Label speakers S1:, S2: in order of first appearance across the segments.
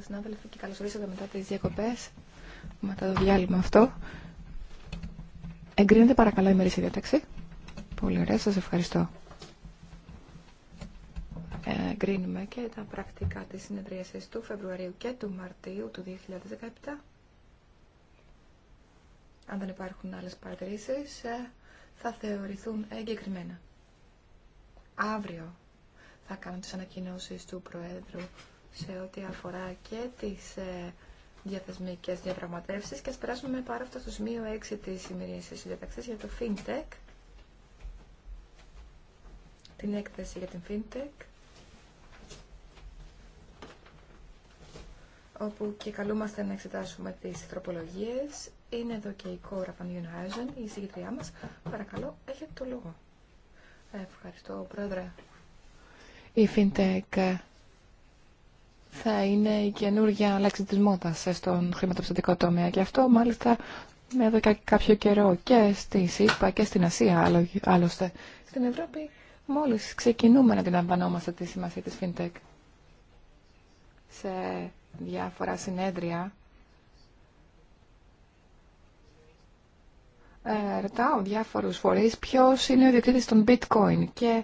S1: συνάδελφοι και καλώς ορίσατε μετά τις διακοπές, μετά το διάλειμμα αυτό. Εγκρίνετε παρακαλώ η μερίστη διάταξη. Πολύ ωραία, σας ευχαριστώ. Εγκρίνουμε και τα πρακτικά της συνεδρίασης του Φεβρουαρίου και του Μαρτίου του 2017. Αν δεν υπάρχουν άλλες παρατηρήσεις, ε, θα θεωρηθούν εγκεκριμένα. Αύριο θα κάνω τις ανακοινώσεις του Προέδρου σε ό,τι αφορά και τις ε, διαθεσμικές διαπραγματεύσεις και ας περάσουμε πάρα αυτό στο σημείο 6 της σημερινής συνδιαταξής για το FinTech την έκθεση για την FinTech όπου και καλούμαστε να εξετάσουμε τις τροπολογίες είναι εδώ και η Κόρα Πανιουνχάιζεν, η συγκεκριά μας. Παρακαλώ, έχετε το λόγο. Ευχαριστώ, Πρόεδρε. Η FinTech θα είναι η καινούργια αλλάξη της μόδας στον χρηματοπιστωτικό τομέα και αυτό μάλιστα με εδώ κάποιο καιρό και στη ΣΥΠΑ και στην Ασία άλλωστε. Στην Ευρώπη μόλις ξεκινούμε να αντιλαμβανόμαστε τη σημασία της FinTech σε διάφορα συνέδρια. Ε, ρωτάω διάφορους φορείς ποιος είναι ο ιδιοκτήτης των bitcoin και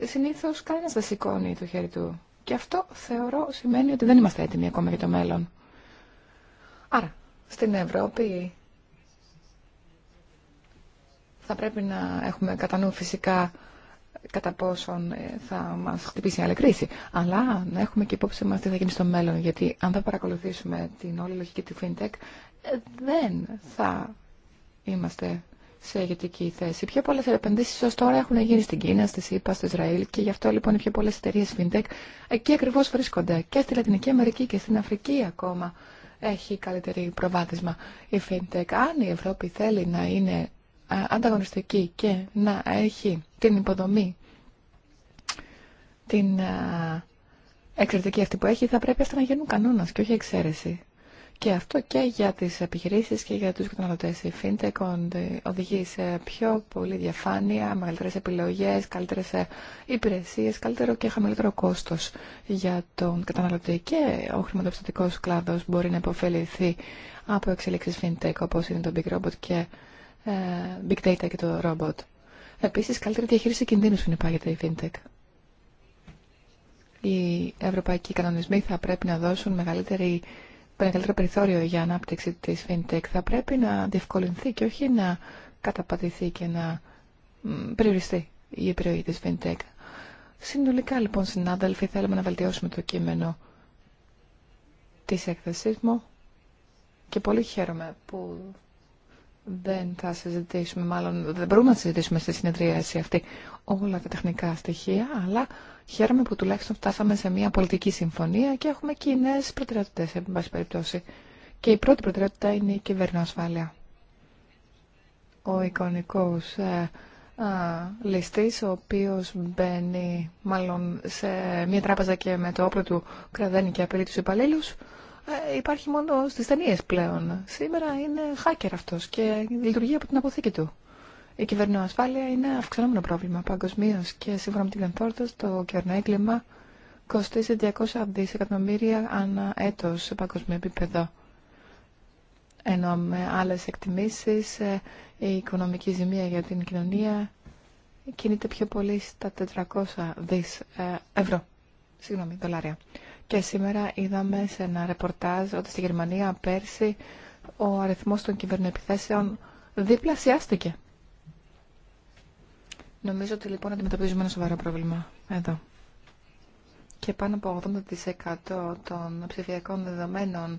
S1: συνήθως κανένας δεν σηκώνει το χέρι του. Και αυτό θεωρώ σημαίνει ότι δεν είμαστε έτοιμοι ακόμα για το μέλλον. Άρα, στην Ευρώπη θα πρέπει να έχουμε κατά νου φυσικά κατά πόσον ε, θα μας χτυπήσει άλλη κρίση. Αλλά να έχουμε και υπόψη μας τι θα γίνει στο μέλλον. Γιατί αν δεν παρακολουθήσουμε την όλη λογική του FinTech, ε, δεν θα είμαστε σε ηγετική θέση. Πιο πολλέ επενδύσει ω τώρα έχουν γίνει στην Κίνα, στη ΣΥΠΑ, στο Ισραήλ και γι' αυτό λοιπόν οι πιο πολλέ εταιρείε FinTech εκεί ακριβώ βρίσκονται. Και στη Λατινική Αμερική και στην Αφρική ακόμα έχει καλύτερη προβάδισμα η FinTech. Αν η Ευρώπη θέλει να είναι ανταγωνιστική και να έχει την υποδομή, την εξαιρετική αυτή που έχει, θα πρέπει αυτά να γίνουν κανόνα και όχι εξαίρεση. Και αυτό και για τις επιχειρήσεις και για τους καταναλωτές. Η FinTech οδηγεί σε πιο πολύ διαφάνεια, μεγαλύτερες επιλογές, καλύτερες ε, υπηρεσίες, καλύτερο και χαμηλότερο κόστος για τον καταναλωτή. Και ο χρηματοπιστωτικός κλάδος μπορεί να υποφεληθεί από εξελίξεις FinTech όπως είναι το Big Robot και ε, Big Data και το Robot. Επίσης, καλύτερη διαχείριση κινδύνου συνεπάγεται η FinTech. Οι ευρωπαϊκοί κανονισμοί θα πρέπει να δώσουν μεγαλύτερη μεγαλύτερο περιθώριο για ανάπτυξη της FinTech θα πρέπει να διευκολυνθεί και όχι να καταπατηθεί και να περιοριστεί η επιρροή της FinTech. Συνολικά λοιπόν συνάδελφοι θέλουμε να βελτιώσουμε το κείμενο της έκθεσής μου και πολύ χαίρομαι που δεν θα συζητήσουμε, μάλλον δεν μπορούμε να συζητήσουμε στη συνεδρίαση αυτή όλα τα τεχνικά στοιχεία, αλλά χαίρομαι που τουλάχιστον φτάσαμε σε μια πολιτική συμφωνία και έχουμε κοινέ προτεραιότητε, εν πάση περιπτώσει. Και η πρώτη προτεραιότητα είναι η ασφάλεια. Ο εικονικό ε, ληστή, ο οποίο μπαίνει μάλλον σε μια τράπεζα και με το όπλο του κραδένει και απειλεί του υπαλλήλου, ε, υπάρχει μόνο στι ταινίε πλέον. Σήμερα είναι hacker αυτό και λειτουργεί από την αποθήκη του. Η ασφάλεια είναι αυξανόμενο πρόβλημα παγκοσμίω και σύμφωνα με την Κανθόρτα το έγκλημα κοστίζει 200 δισεκατομμύρια ανά έτο σε παγκοσμίο επίπεδο. Ενώ με άλλε εκτιμήσει, ε, η οικονομική ζημία για την κοινωνία κινείται πιο πολύ στα 400 δις ε, ευρώ. Συγγνώμη, δολάρια. Και σήμερα είδαμε σε ένα ρεπορτάζ ότι στη Γερμανία πέρσι ο αριθμός των κυβερνοεπιθέσεων διπλασιάστηκε. Νομίζω ότι λοιπόν αντιμετωπίζουμε ένα σοβαρό πρόβλημα εδώ. Και πάνω από 80% των ψηφιακών δεδομένων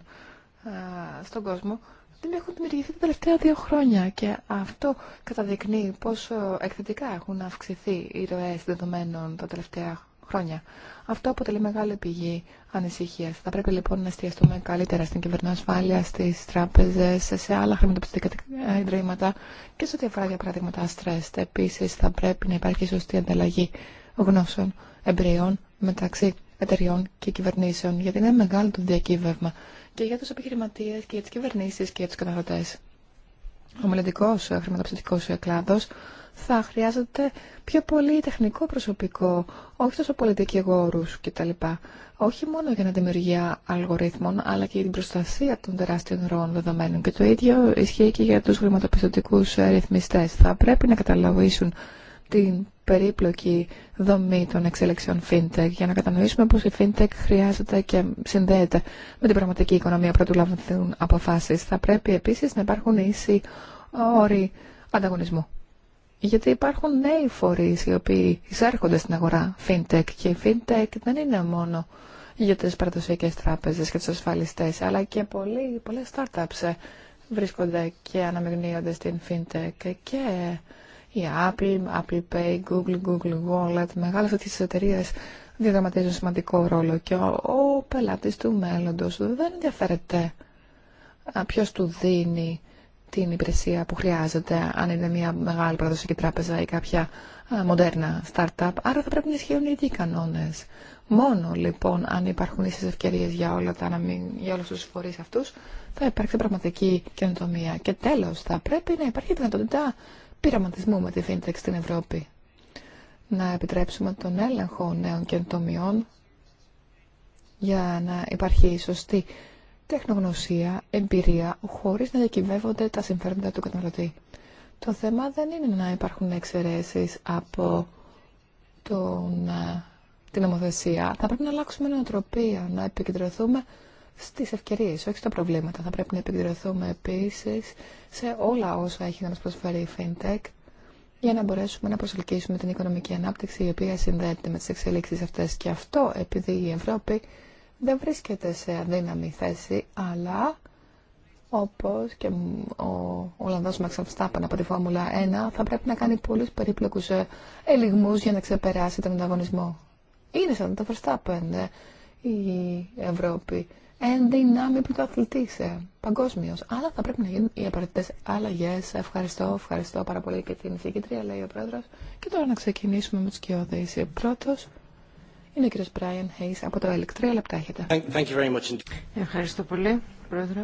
S1: ε, στον κόσμο δεν έχουν δημιουργηθεί τα τελευταία δύο χρόνια και αυτό καταδεικνύει πόσο εκθετικά έχουν αυξηθεί οι ροές δεδομένων τα τελευταία χρόνια χρόνια. Αυτό αποτελεί μεγάλη πηγή ανησυχία. Θα πρέπει λοιπόν να εστιαστούμε καλύτερα στην ασφάλεια, στι τράπεζε, σε άλλα χρηματοπιστικά ιδρύματα και σε ό,τι αφορά για παράδειγμα τα στρέστ. Επίση, θα πρέπει να υπάρχει σωστή ανταλλαγή γνώσεων, εμπειριών μεταξύ εταιριών και κυβερνήσεων, γιατί είναι μεγάλο το διακύβευμα και για του επιχειρηματίε και για τι κυβερνήσει και για του καταναλωτέ. Ο μελλοντικό ε, χρηματοπιστωτικό ε, κλάδο θα χρειάζεται πιο πολύ τεχνικό προσωπικό, όχι τόσο πολύ δικηγόρου κτλ. Όχι μόνο για την δημιουργία αλγορίθμων, αλλά και για την προστασία των τεράστιων ροών δεδομένων. Και το ίδιο ισχύει και για του χρηματοπιστωτικού ε, ρυθμιστές. Θα πρέπει να καταλαβήσουν την περίπλοκη δομή των εξέλιξεων fintech για να κατανοήσουμε πως η fintech χρειάζεται και συνδέεται με την πραγματική οικονομία πρωτού λαμβάνουν αποφάσεις. Θα πρέπει επίσης να υπάρχουν ίσοι όροι ανταγωνισμού. Γιατί υπάρχουν νέοι φορείς οι οποίοι εισέρχονται στην αγορά fintech και η fintech δεν είναι μόνο για τις παραδοσιακές τράπεζες και τους ασφαλιστές, αλλά και πολλοί, πολλές startups βρίσκονται και αναμειγνύονται στην fintech και η Apple, Apple Pay, Google, Google Wallet, μεγάλες αυτές τις εταιρείες διαδραματίζουν σημαντικό ρόλο και ο, ο πελάτης του μέλλοντος δεν ενδιαφέρεται ποιος του δίνει την υπηρεσία που χρειάζεται, αν είναι μια μεγάλη παραδοσιακή τράπεζα ή κάποια μοντέρνα startup. Άρα θα πρέπει να ισχύουν οι ίδιοι κανόνε. Μόνο λοιπόν αν υπάρχουν ίσε ευκαιρίε για, όλα τα, για όλου του φορεί αυτού, θα υπάρξει πραγματική καινοτομία. Και τέλο, θα πρέπει να υπάρχει δυνατότητα πειραματισμού με τη FinTech στην Ευρώπη. Να επιτρέψουμε τον έλεγχο νέων καινοτομιών για να υπάρχει σωστή τεχνογνωσία, εμπειρία, χωρίς να διακυβεύονται τα συμφέροντα του καταναλωτή. Το θέμα δεν είναι να υπάρχουν εξαιρέσει από τον, ε, την νομοθεσία. Θα πρέπει να αλλάξουμε νοοτροπία, να επικεντρωθούμε στις ευκαιρίες, όχι στα προβλήματα. Θα πρέπει να επικεντρωθούμε επίσης σε όλα όσα έχει να μας προσφέρει η FinTech για να μπορέσουμε να προσελκύσουμε την οικονομική ανάπτυξη η οποία συνδέεται με τις εξελίξεις αυτές. Και αυτό επειδή η Ευρώπη δεν βρίσκεται σε αδύναμη θέση, αλλά όπως και ο Ολλανδός Μαξ από τη Φόρμουλα 1 θα πρέπει να κάνει πολλούς περίπλοκους ε, ελιγμούς για να ξεπεράσει τον ανταγωνισμό. Είναι σαν το Φστάπαν ε, η Ευρώπη. Εν δυνάμει αθλητήσε παγκόσμιο. Αλλά θα πρέπει να γίνουν οι απαραίτητε αλλαγέ. Ευχαριστώ, ευχαριστώ πάρα πολύ και την συγκεντρία, λέει ο πρόεδρο. Και τώρα να ξεκινήσουμε με του κοιόδη. Πρώτο, είναι ο κύριος Μπράιν Χέις από το Ελεκτρία, Τρία λεπτά Ευχαριστώ πολύ, Πρόεδρε.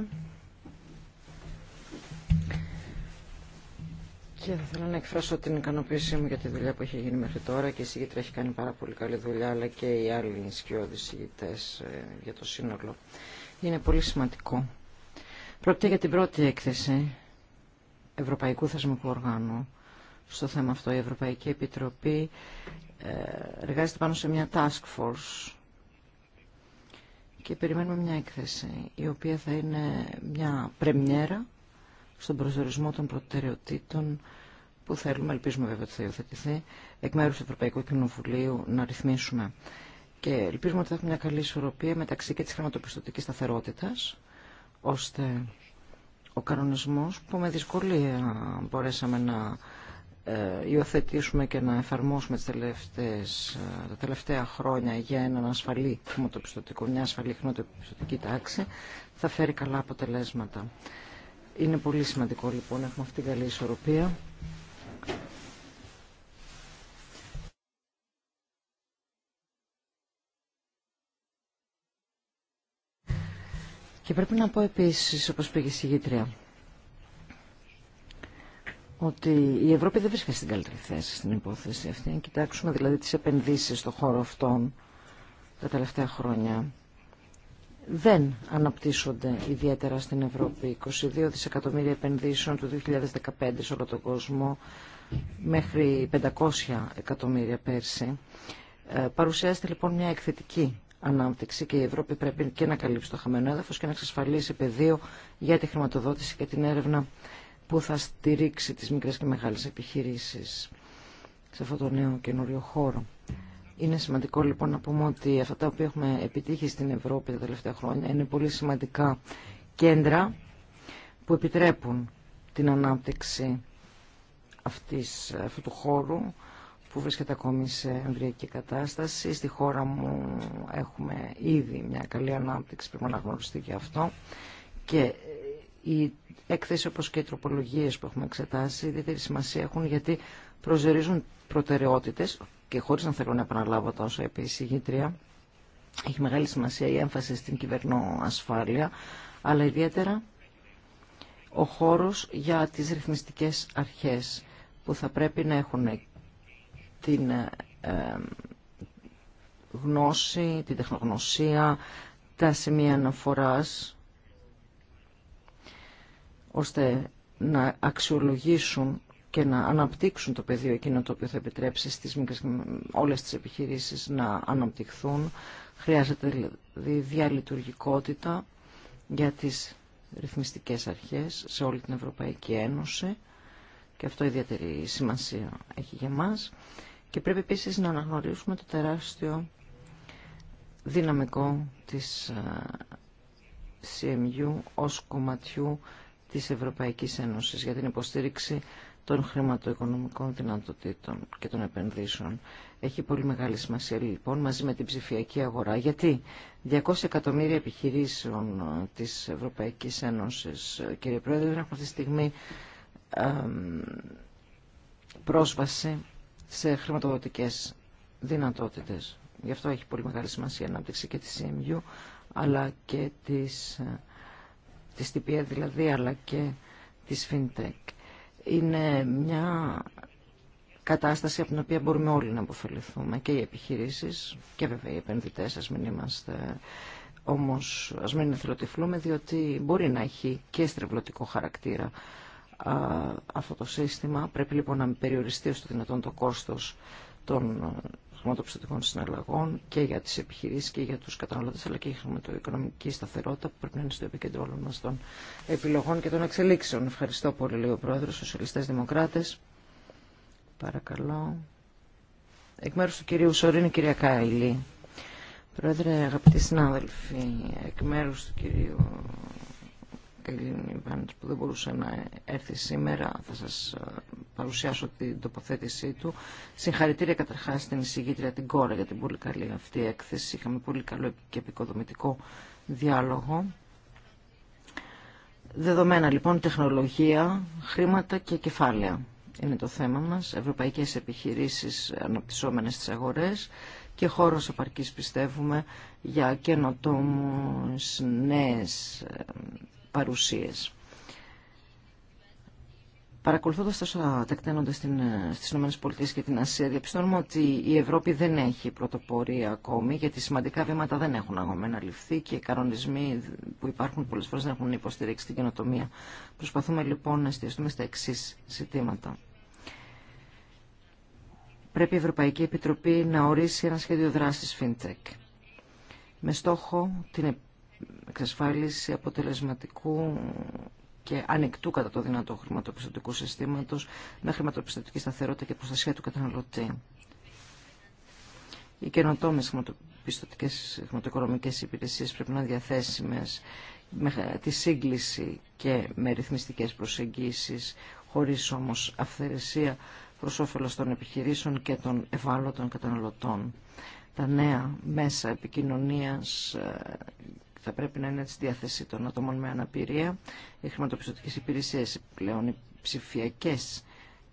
S2: Και θα ήθελα να εκφράσω την ικανοποίησή μου για τη δουλειά που έχει γίνει μέχρι τώρα και η συγγήτρια έχει κάνει πάρα πολύ καλή δουλειά αλλά και οι άλλοι σκιώδεις συγγητές ε, για το σύνολο. Είναι πολύ σημαντικό. Πρόκειται για την πρώτη έκθεση Ευρωπαϊκού Θεσμικού Οργάνου στο θέμα αυτό. Η Ευρωπαϊκή Επιτροπή ε, εργάζεται πάνω σε μια task force και περιμένουμε μια έκθεση η οποία θα είναι μια πρεμιέρα στον προσδορισμό των προτεραιοτήτων που θέλουμε, ελπίζουμε βέβαια ότι θα υιοθετηθεί, εκ μέρους του Ευρωπαϊκού Κοινοβουλίου να ρυθμίσουμε. Και ελπίζουμε ότι θα έχουμε μια καλή ισορροπία μεταξύ και της χρηματοπιστωτικής σταθερότητας, ώστε ο κανονισμός που με δυσκολία μπορέσαμε να ε, υιοθετήσουμε και να εφαρμόσουμε ε, τα τελευταία χρόνια για έναν ασφαλή χρηματοπιστωτικό, μια ασφαλή χρηματοπιστωτική τάξη, θα φέρει καλά αποτελέσματα. Είναι πολύ σημαντικό λοιπόν να έχουμε αυτή την καλή ισορροπία. Και πρέπει να πω επίσης, όπως πήγε η συγγήτρια, ότι η Ευρώπη δεν βρίσκεται στην καλύτερη θέση στην υπόθεση αυτή. Αν κοιτάξουμε δηλαδή τις επενδύσεις στον χώρο αυτών τα τελευταία χρόνια, δεν αναπτύσσονται ιδιαίτερα στην Ευρώπη. 22 δισεκατομμύρια επενδύσεων του 2015 σε όλο τον κόσμο, μέχρι 500 εκατομμύρια πέρσι. Ε, παρουσιάζεται λοιπόν μια εκθετική ανάπτυξη και η Ευρώπη πρέπει και να καλύψει το χαμένο έδαφος και να εξασφαλίσει πεδίο για τη χρηματοδότηση και την έρευνα που θα στηρίξει τις μικρές και μεγάλες επιχειρήσεις σε αυτό το νέο καινούριο χώρο. Είναι σημαντικό λοιπόν να πούμε ότι αυτά τα οποία έχουμε επιτύχει στην Ευρώπη τα τελευταία χρόνια είναι πολύ σημαντικά κέντρα που επιτρέπουν την ανάπτυξη αυτής, αυτού του χώρου που βρίσκεται ακόμη σε εμβριακή κατάσταση. Στη χώρα μου έχουμε ήδη μια καλή ανάπτυξη, πρέπει να γνωριστεί και αυτό. Και η έκθεση όπως και οι τροπολογίες που έχουμε εξετάσει ιδιαίτερη σημασία έχουν γιατί προσδιορίζουν προτεραιότητες και χωρίς να θέλω να επαναλάβω τα όσα είπε η συγγήτρια έχει μεγάλη σημασία η έμφαση στην κυβερνοασφάλεια αλλά ιδιαίτερα ο χώρος για τις ρυθμιστικές αρχές που θα πρέπει να έχουν την ε, ε, γνώση, την τεχνογνωσία, τα σημεία αναφοράς ώστε να αξιολογήσουν και να αναπτύξουν το πεδίο εκείνο το οποίο θα επιτρέψει στις μικρές, όλες τις επιχειρήσεις να αναπτυχθούν. Χρειάζεται δηλαδή διαλειτουργικότητα για τις ρυθμιστικές αρχές σε όλη την Ευρωπαϊκή Ένωση και αυτό ιδιαίτερη σημασία έχει για μας. Και πρέπει επίσης να αναγνωρίσουμε το τεράστιο δυναμικό της ε, CMU ως κομματιού της Ευρωπαϊκής Ένωσης για την υποστήριξη των χρηματοοικονομικών δυνατοτήτων και των επενδύσεων. Έχει πολύ μεγάλη σημασία λοιπόν μαζί με την ψηφιακή αγορά. Γιατί 200 εκατομμύρια επιχειρήσεων ε, της Ευρωπαϊκής Ένωσης, ε, κύριε Πρόεδρε, δεν έχουν αυτή τη στιγμή πρόσβαση σε χρηματοδοτικές δυνατότητες. Γι' αυτό έχει πολύ μεγάλη σημασία η ανάπτυξη και της CMU αλλά και της ε, της ΤΠΕ δηλαδή, αλλά και της FinTech. Είναι μια κατάσταση από την οποία μπορούμε όλοι να αποφεληθούμε και οι επιχειρήσεις και βέβαια οι επενδυτές, ας μην είμαστε όμως, ας μην εθελοτυφλούμε, διότι μπορεί να έχει και στρεβλωτικό χαρακτήρα αυτό το σύστημα. Πρέπει λοιπόν να περιοριστεί στο δυνατόν το κόστος των συναλλαγών και για τις επιχειρήσεις και για τους καταναλώτες αλλά και η χρηματοοικονομική σταθερότητα που πρέπει να είναι στο επίκεντρο όλων των επιλογών και των εξελίξεων. Ευχαριστώ πολύ λέει ο Πρόεδρος, Σοσιαλιστές Δημοκράτες. Παρακαλώ. Εκ μέρου του κυρίου Σωρίνη, κυρία Κάιλη. Πρόεδρε, αγαπητοί συνάδελφοι, εκ μέρου του κυρίου Ελλήνων που δεν μπορούσε να έρθει σήμερα. Θα σας ε, παρουσιάσω την τοποθέτησή του. Συγχαρητήρια καταρχάς στην εισηγήτρια την Κόρα για την πολύ καλή αυτή έκθεση. Είχαμε πολύ καλό και επικοδομητικό διάλογο. Δεδομένα λοιπόν τεχνολογία, χρήματα και κεφάλαια είναι το θέμα μας. Ευρωπαϊκές επιχειρήσεις αναπτυσσόμενες στις αγορές και χώρος επαρκής πιστεύουμε για καινοτόμους νέες ε, παρουσίες. Παρακολουθώντας τόσο τεκταίνοντας στι στις ΗΠΑ και την Ασία, διαπιστώνουμε ότι η Ευρώπη δεν έχει πρωτοπορία ακόμη, γιατί σημαντικά βήματα δεν έχουν αγωμένα ληφθεί και οι κανονισμοί που υπάρχουν πολλέ φορέ δεν έχουν υποστηρίξει την καινοτομία. Προσπαθούμε λοιπόν να εστιαστούμε στα εξή ζητήματα. Πρέπει η Ευρωπαϊκή Επιτροπή να ορίσει ένα σχέδιο δράση FinTech με στόχο την εξασφάλιση αποτελεσματικού και ανοιχτού κατά το δυνατό χρηματοπιστωτικού συστήματος με χρηματοπιστωτική σταθερότητα και προστασία του καταναλωτή. Οι καινοτόμε χρηματοπιστωτικέ χρηματοοικονομικέ υπηρεσίε πρέπει να είναι διαθέσιμε με τη σύγκληση και με ρυθμιστικέ προσεγγίσει, χωρί όμω αυθαιρεσία προ όφελο των επιχειρήσεων και των ευάλωτων καταναλωτών. Τα νέα μέσα επικοινωνία. Ε, θα πρέπει να είναι στη διάθεση των ατόμων με αναπηρία. Οι χρηματοπιστωτικέ υπηρεσίε, πλέον οι ψηφιακές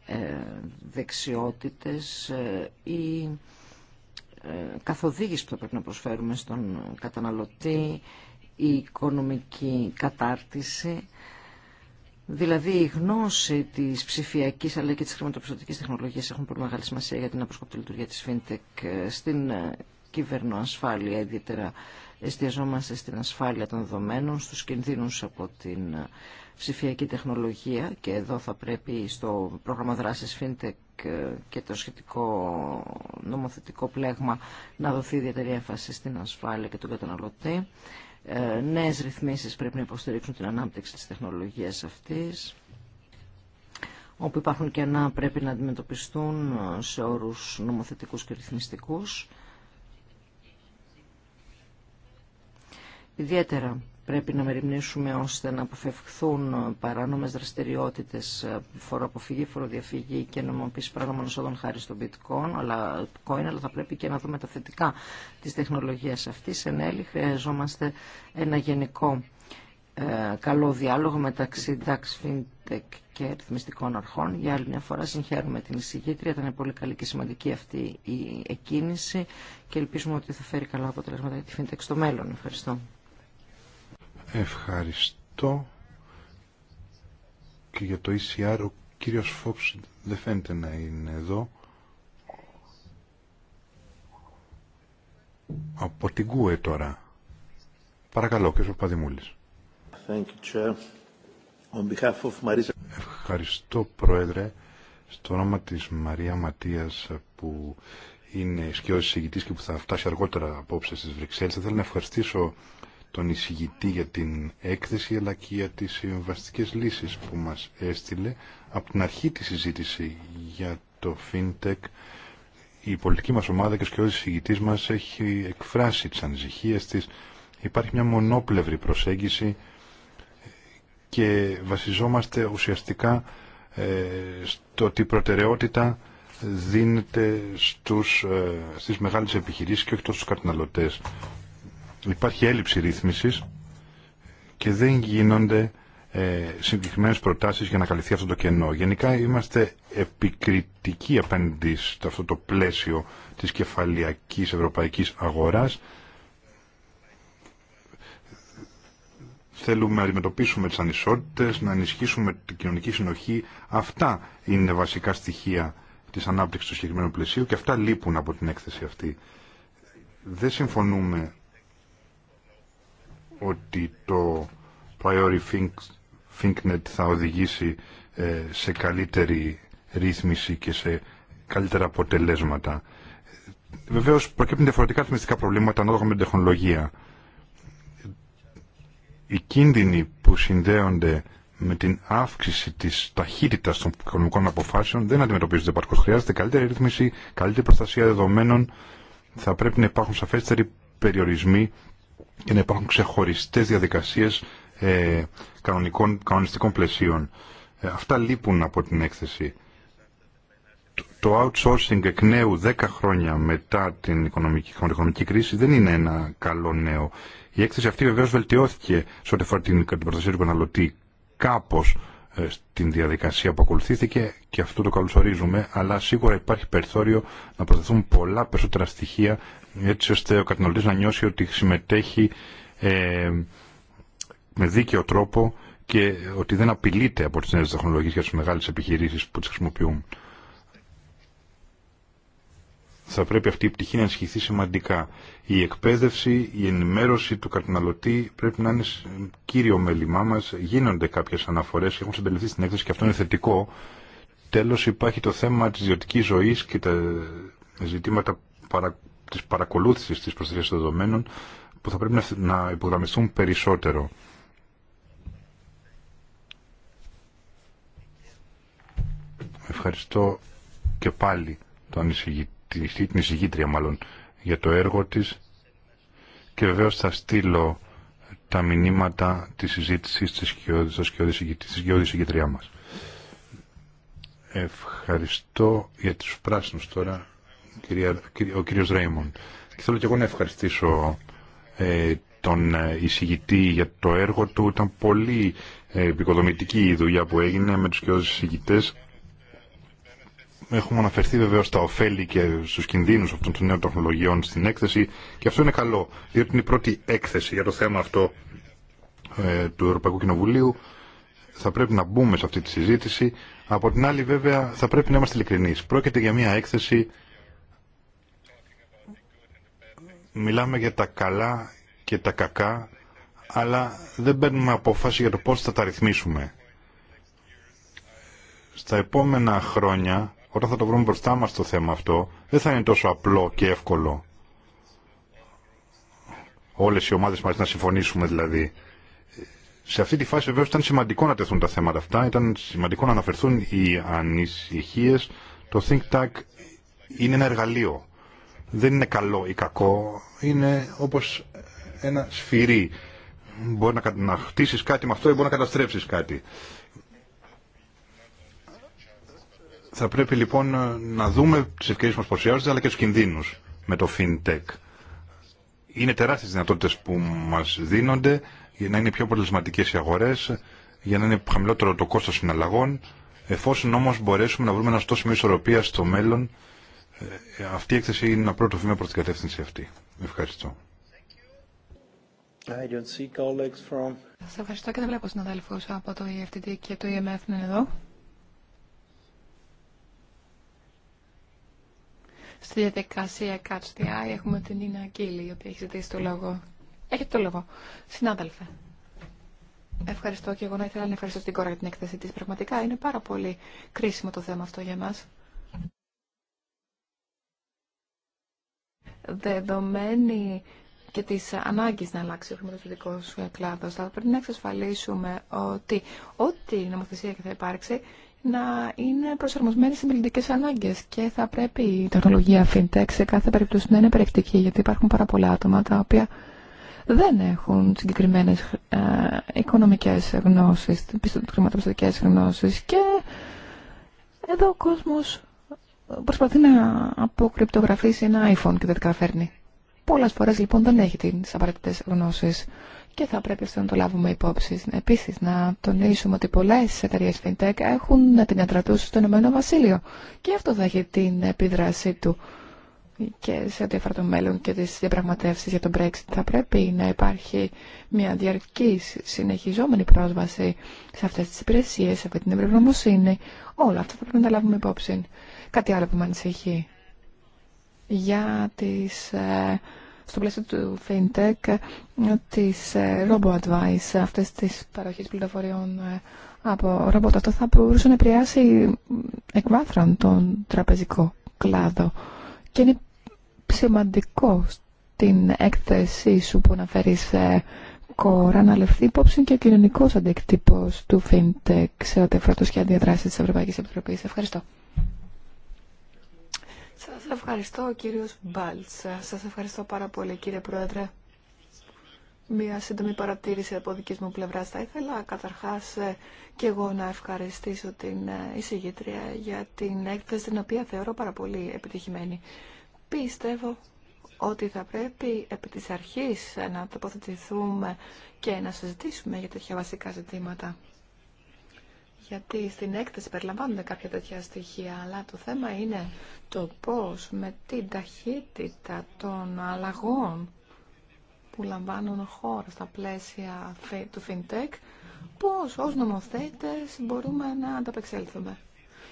S2: ε, δεξιότητες ή ε, ε, καθοδήγηση που θα πρέπει να προσφέρουμε στον καταναλωτή, η οικονομική κατάρτιση, δηλαδή η γνώση της ψηφιακής αλλά και της χρηματοπιστωτικής τεχνολογίας έχουν πολύ μεγάλη σημασία για την αποσκόπτη λειτουργία της FinTech στην κυβερνοασφάλεια ιδιαίτερα εστιαζόμαστε στην ασφάλεια των δεδομένων, στους κινδύνους από την ε, ψηφιακή τεχνολογία και εδώ θα πρέπει στο πρόγραμμα δράσης FinTech ε, και το σχετικό νομοθετικό πλέγμα να δοθεί ιδιαίτερη έμφαση στην ασφάλεια και τον καταναλωτή. Ε, νέες ρυθμίσεις πρέπει να υποστηρίξουν την ανάπτυξη της τεχνολογίας αυτής όπου υπάρχουν κενά πρέπει να αντιμετωπιστούν ε, σε όρους νομοθετικούς και ρυθμιστικούς Ιδιαίτερα πρέπει να μεριμνήσουμε ώστε να αποφευχθούν παράνομες δραστηριότητες φοροαποφυγή, φοροδιαφυγή και νομοποίηση παράνομων εσόδων χάρη στον bitcoin, αλλά, coin, αλλά θα πρέπει και να δούμε τα θετικά της τεχνολογίας αυτής. Εν έλλη χρειαζόμαστε ένα γενικό ε, καλό διάλογο μεταξύ DAX, FinTech και ρυθμιστικών αρχών. Για άλλη μια φορά συγχαίρουμε την εισηγήτρια. Ήταν πολύ καλή και σημαντική αυτή η εκκίνηση και ελπίζουμε ότι θα φέρει καλά αποτελέσματα για τη FinTech στο μέλλον. Ευχαριστώ.
S3: Ευχαριστώ. Και για το ECR ο κύριος Φόξ δεν φαίνεται να είναι εδώ. Από την ΚΟΕ τώρα. Παρακαλώ, κύριος Παδημούλης. Thank you, On behalf of Ευχαριστώ, Πρόεδρε. Στο όνομα της Μαρία Ματίας που είναι σκιώσης συγητής και που θα φτάσει αργότερα απόψε στις Βρυξέλλες. Θα θέλω να ευχαριστήσω τον εισηγητή για την έκθεση αλλά και για τις συμβαστικές λύσεις που μας έστειλε από την αρχή τη συζήτηση για το FinTech η πολιτική μας ομάδα και ο εισηγητής μας έχει εκφράσει τις ανησυχίες της υπάρχει μια μονόπλευρη προσέγγιση και βασιζόμαστε ουσιαστικά ε, στο ότι η προτεραιότητα δίνεται στους, ε, στις μεγάλες επιχειρήσεις και όχι τόσο στους υπάρχει έλλειψη ρύθμισης και δεν γίνονται ε, συγκεκριμένες προτάσεις για να καλυφθεί αυτό το κενό. Γενικά είμαστε επικριτικοί απέναντι σε αυτό το πλαίσιο της κεφαλιακής ευρωπαϊκής αγοράς. Θέλουμε να αντιμετωπίσουμε τις ανισότητες, να ενισχύσουμε την κοινωνική συνοχή. Αυτά είναι βασικά στοιχεία της ανάπτυξης του συγκεκριμένου πλαισίου και αυτά λείπουν από την έκθεση αυτή. Δεν συμφωνούμε ότι το Priori Thinknet θα οδηγήσει ε, σε καλύτερη ρύθμιση και σε καλύτερα αποτελέσματα. Βεβαίω προκύπτουν διαφορετικά ρυθμιστικά προβλήματα ανάλογα με την τεχνολογία. Οι κίνδυνοι που συνδέονται με την αύξηση τη ταχύτητα των οικονομικών αποφάσεων δεν αντιμετωπίζονται επαρκώ. Χρειάζεται καλύτερη ρύθμιση, καλύτερη προστασία δεδομένων. Θα πρέπει να υπάρχουν σαφέστεροι περιορισμοί και να υπάρχουν ξεχωριστές διαδικασίες ε, κανονιστικών πλαισίων. Ε, αυτά λείπουν από την έκθεση. Το, outsourcing εκ νέου 10 χρόνια μετά την οικονομική, κρίση δεν είναι ένα καλό νέο. Η έκθεση αυτή βεβαίως βελτιώθηκε σε ό,τι αφορά την, προστασία του καταναλωτή κάπως ε, στην διαδικασία που ακολουθήθηκε και αυτού το καλωσορίζουμε, αλλά σίγουρα υπάρχει περιθώριο να προσθεθούν πολλά περισσότερα στοιχεία έτσι ώστε ο καταναλωτής να νιώσει ότι συμμετέχει ε, με δίκαιο τρόπο και ότι δεν απειλείται από τις νέες τεχνολογίες για τις μεγάλες επιχειρήσεις που τις χρησιμοποιούν θα πρέπει αυτή η πτυχή να ενισχυθεί σημαντικά. Η εκπαίδευση, η ενημέρωση του καταναλωτή πρέπει να είναι κύριο μέλημά μα. Γίνονται κάποιε αναφορέ έχουν συμπεριληφθεί στην έκθεση και αυτό είναι θετικό. Τέλο, υπάρχει το θέμα τη ιδιωτική ζωή και τα ζητήματα παρα... τη παρακολούθηση τη προστασία των δεδομένων που θα πρέπει να υπογραμμιστούν περισσότερο. Ευχαριστώ και πάλι τον εισηγητή την εισηγήτρια μάλλον για το έργο της και βεβαίως θα στείλω τα μηνύματα της συζήτησης της της εισηγητριά μας. Ευχαριστώ για τους πράσινους τώρα, ο κύριος Ρέιμον. Και θέλω και εγώ να ευχαριστήσω ε, τον ε, εισηγητή για το έργο του. Ήταν πολύ ε, επικοδομητική η δουλειά που έγινε με τους κοιόδους εισηγητές. Έχουμε αναφερθεί βεβαίω στα ωφέλη και στου κινδύνου αυτών των νέων τεχνολογιών στην έκθεση και αυτό είναι καλό, διότι είναι η πρώτη έκθεση για το θέμα αυτό ε, του Ευρωπαϊκού Κοινοβουλίου. Θα πρέπει να μπούμε σε αυτή τη συζήτηση. Από την άλλη, βέβαια, θα πρέπει να είμαστε ειλικρινεί. Πρόκειται για μια έκθεση. Μιλάμε για τα καλά και τα κακά, αλλά δεν παίρνουμε απόφαση για το πώ θα τα ρυθμίσουμε. Στα επόμενα χρόνια όταν θα το βρούμε μπροστά μας το θέμα αυτό, δεν θα είναι τόσο απλό και εύκολο όλες οι ομάδες μας να συμφωνήσουμε δηλαδή. Σε αυτή τη φάση βέβαια ήταν σημαντικό να τεθούν τα θέματα αυτά, ήταν σημαντικό να αναφερθούν οι ανησυχίε. Το Think Tank είναι ένα εργαλείο. Δεν είναι καλό ή κακό, είναι όπως ένα σφυρί. Μπορεί να, χτίσεις κάτι με αυτό ή μπορεί να καταστρέψεις κάτι. Θα πρέπει λοιπόν να δούμε τις ευκαιρίες που μας παρουσιάζονται αλλά και τους κινδύνους με το FinTech. Είναι τεράστιες δυνατότητες που μας δίνονται για να είναι πιο αποτελεσματικές οι αγορές, για να είναι χαμηλότερο το κόστος συναλλαγών. Εφόσον όμως μπορέσουμε να βρούμε ένα σωστό σημείο ισορροπία στο μέλλον, ε, αυτή η έκθεση είναι ένα πρώτο βήμα προς την κατεύθυνση αυτή. Ευχαριστώ. I
S1: Σας ευχαριστώ και δεν βλέπω συναδέλφους από το EFTD και το EMF είναι εδώ. στη διαδικασία Eye έχουμε την Νίνα Κίλη, η οποία έχει ζητήσει το λόγο. Έχετε το λόγο. Συνάδελφε. Ευχαριστώ και εγώ να ήθελα να ευχαριστώ την κόρα για την έκθεση της. Πραγματικά είναι πάρα πολύ κρίσιμο το θέμα αυτό για μας. Δεδομένη και της ανάγκης να αλλάξει ο χρηματοδοτικός κλάδος, θα πρέπει να εξασφαλίσουμε ότι ό,τι νομοθεσία και θα υπάρξει να είναι προσαρμοσμένη στις μελλοντικές ανάγκες και θα πρέπει η τεχνολογία FinTech σε κάθε περίπτωση να είναι περιεκτική γιατί υπάρχουν πάρα πολλά άτομα τα οποία δεν έχουν συγκεκριμένε ε, οικονομικέ γνώσει, γνώσεις, γνώσει. γνώσεις και εδώ ο κόσμος προσπαθεί να αποκρυπτογραφήσει ένα iPhone και δεν τα καταφέρνει. Πολλές φορές λοιπόν δεν έχει τις απαραίτητες γνώσεις και θα πρέπει αυτό να το λάβουμε υπόψη. Επίσης να τονίσουμε ότι πολλές εταιρείες FinTech έχουν την αντρατούση στο Ηνωμένο Βασίλειο και αυτό θα έχει την επίδρασή του και σε ό,τι αφορά το μέλλον και τις διαπραγματεύσεις για τον Brexit θα πρέπει να υπάρχει μια διαρκή συνεχιζόμενη πρόσβαση σε αυτές τις υπηρεσίες, σε αυτή την ευρωγνωμοσύνη. Όλα αυτά θα πρέπει να τα λάβουμε υπόψη. Κάτι άλλο που με ανησυχεί για τις, ε, στο πλαίσιο του FinTech τις ε, RoboAdvice, αυτές τις παροχές πληροφοριών ε, από ρομπότ. Αυτό θα μπορούσε να επηρεάσει εκβάθρον τον τραπεζικό κλάδο. Και είναι σημαντικό στην έκθεσή σου που αναφέρει σε κόρα να λεφθεί υπόψη και ο κοινωνικό αντίκτυπο του FinTech σε ό,τι αφορά το σχέδιο δράση τη Ευρωπαϊκή Επιτροπή. Ευχαριστώ. Σας ευχαριστώ κύριος Μπάλτς. Σας ευχαριστώ πάρα πολύ κύριε Πρόεδρε. Μία σύντομη παρατήρηση από δική μου πλευρά θα ήθελα καταρχάς ε, και εγώ να ευχαριστήσω την ε, εισηγήτρια για την έκθεση την οποία θεωρώ πάρα πολύ επιτυχημένη. Πιστεύω ότι θα πρέπει επί της αρχής να τοποθετηθούμε και να συζητήσουμε για τέτοια βασικά ζητήματα γιατί στην έκθεση περιλαμβάνονται κάποια τέτοια στοιχεία, αλλά το θέμα είναι το πώς, με την ταχύτητα των αλλαγών που λαμβάνουν χώρα στα πλαίσια του FinTech, πώς ως νομοθέτες μπορούμε να ανταπεξέλθουμε.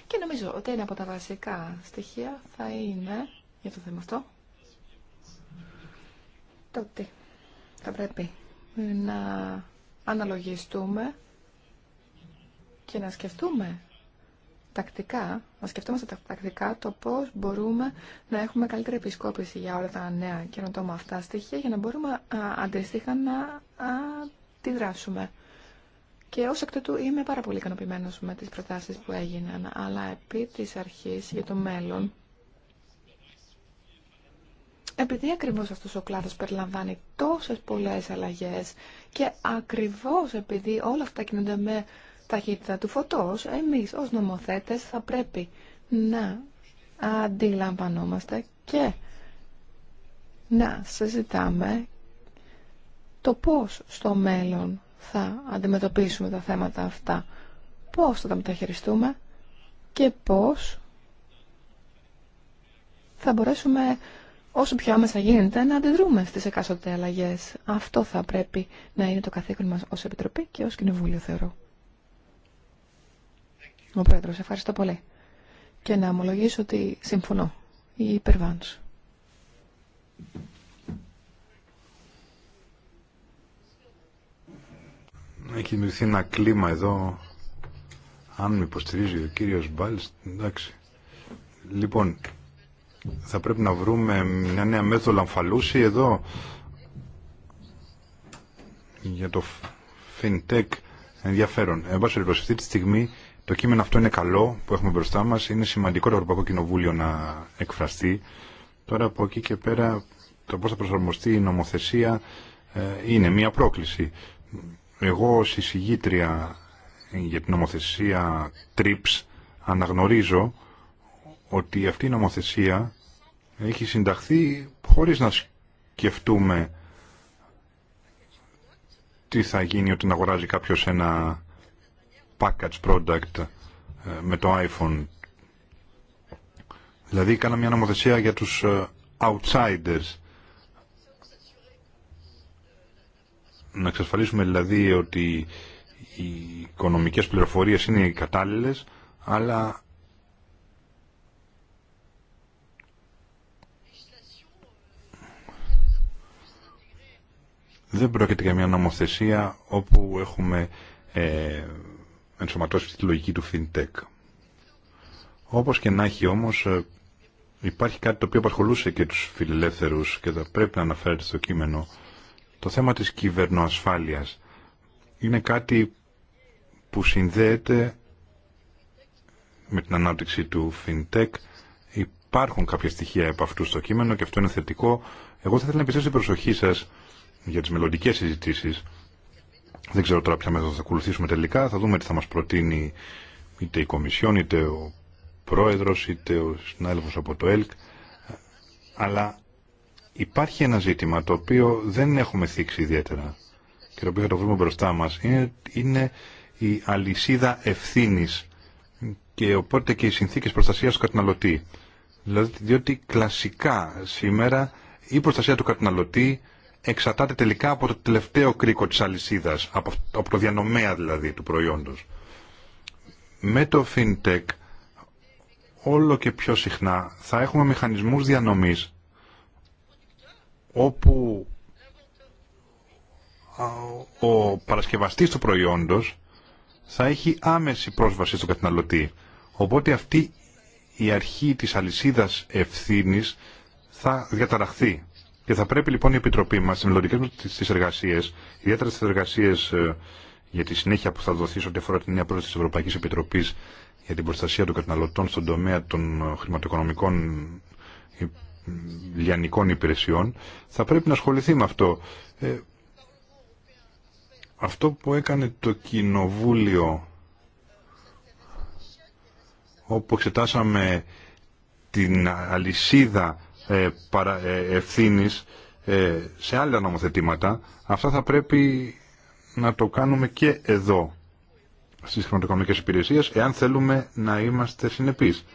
S1: Και νομίζω ότι ένα από τα βασικά στοιχεία θα είναι, για το θέμα αυτό, το ότι θα πρέπει να αναλογιστούμε και να σκεφτούμε τακτικά, να σκεφτόμαστε τακτικά το πώς μπορούμε να έχουμε καλύτερη επισκόπηση για όλα τα νέα καινοτόμα αυτά στοιχεία για να μπορούμε αντίστοιχα να τη δράσουμε. Και ως εκ τούτου είμαι πάρα πολύ ικανοποιημένο με τις προτάσεις που έγιναν, αλλά επί της αρχής για το μέλλον, επειδή ακριβώς αυτός ο κλάδος περιλαμβάνει τόσες πολλές αλλαγές και ακριβώς επειδή όλα αυτά κινούνται με ταχύτητα του φωτός, εμείς ως νομοθέτες θα πρέπει να αντιλαμβανόμαστε και να συζητάμε το πώς στο μέλλον θα αντιμετωπίσουμε τα θέματα αυτά, πώς θα τα μεταχειριστούμε και πώς θα μπορέσουμε όσο πιο άμεσα γίνεται να αντιδρούμε στις εκάστοτε αλλαγές. Αυτό θα πρέπει να είναι το καθήκον μας ως Επιτροπή και ως Κοινοβούλιο θεωρώ. Ο Πρόεδρος, ευχαριστώ πολύ. Και να ομολογήσω ότι συμφωνώ. Η υπερβάνους.
S3: Έχει δημιουργηθεί ένα κλίμα εδώ. Αν με υποστηρίζει ο κύριος Μπάλς, εντάξει. Λοιπόν, θα πρέπει να βρούμε μια νέα μέθοδο λαμφαλούση εδώ για το fintech ενδιαφέρον. Εν πάση αυτή τη στιγμή το κείμενο αυτό είναι καλό που έχουμε μπροστά μα. Είναι σημαντικό το Ευρωπαϊκό Κοινοβούλιο να εκφραστεί. Τώρα από εκεί και πέρα το πώ θα προσαρμοστεί η νομοθεσία ε, είναι μια πρόκληση. Εγώ ω εισηγήτρια για την νομοθεσία TRIPS αναγνωρίζω ότι αυτή η νομοθεσία έχει συνταχθεί χωρίς να σκεφτούμε τι θα γίνει όταν αγοράζει κάποιος ένα package product ε, με το iPhone. Δηλαδή κάναμε μια νομοθεσία για τους ε, outsiders. Να εξασφαλίσουμε δηλαδή ότι οι οικονομικές πληροφορίες είναι οι κατάλληλες, αλλά δεν πρόκειται για μια νομοθεσία όπου έχουμε ε, ενσωματώσει τη λογική του FinTech. Όπως και να έχει όμως ε, υπάρχει κάτι το οποίο απασχολούσε και τους φιλελεύθερους και θα πρέπει να αναφέρεται στο κείμενο. Το θέμα της κυβερνοασφάλειας είναι κάτι που συνδέεται με την ανάπτυξη του FinTech. Υπάρχουν κάποια στοιχεία από αυτού στο κείμενο και αυτό είναι θετικό. Εγώ θα ήθελα να επιστρέψω την προσοχή σας για τις μελλοντικέ συζητήσεις δεν ξέρω τώρα ποια μέθοδο θα ακολουθήσουμε τελικά. Θα δούμε τι θα μας προτείνει είτε η Κομισιόν, είτε ο Πρόεδρος, είτε ο συνάδελφος από το ΕΛΚ. Αλλά υπάρχει ένα ζήτημα το οποίο δεν έχουμε θίξει ιδιαίτερα και το οποίο θα το βρούμε μπροστά μας. Είναι, είναι η αλυσίδα ευθύνη και οπότε και οι συνθήκες προστασίας του καταναλωτή. Δηλαδή, διότι κλασικά σήμερα η προστασία του καταναλωτή εξατάται τελικά από το τελευταίο κρίκο της αλυσίδας, από το διανομέα δηλαδή του προϊόντος. Με το FinTech όλο και πιο συχνά θα έχουμε μηχανισμούς διανομής όπου ο παρασκευαστής του προϊόντος θα έχει άμεση πρόσβαση στον καταναλωτή. Οπότε αυτή η αρχή της αλυσίδας ευθύνης θα διαταραχθεί. Και θα πρέπει λοιπόν η Επιτροπή μας στις μελλοντικέ μα εργασίε, εργασίες, ιδιαίτερα στις εργασίες ε, για τη συνέχεια που θα δοθεί σε ό,τι αφορά την νέα πρόταση της Ευρωπαϊκής Επιτροπής για την προστασία των καταναλωτών στον τομέα των ε, χρηματοοικονομικών ε, λιανικών υπηρεσιών, θα πρέπει να ασχοληθεί με αυτό. αυτό που έκανε το Κοινοβούλιο όπου εξετάσαμε την αλυσίδα ε, παρα, ε, ευθύνης ε, σε άλλα νομοθετήματα, αυτά θα πρέπει να το κάνουμε και εδώ στις χρηματοοικονομικές υπηρεσίες, εάν θέλουμε να είμαστε συνεπείς.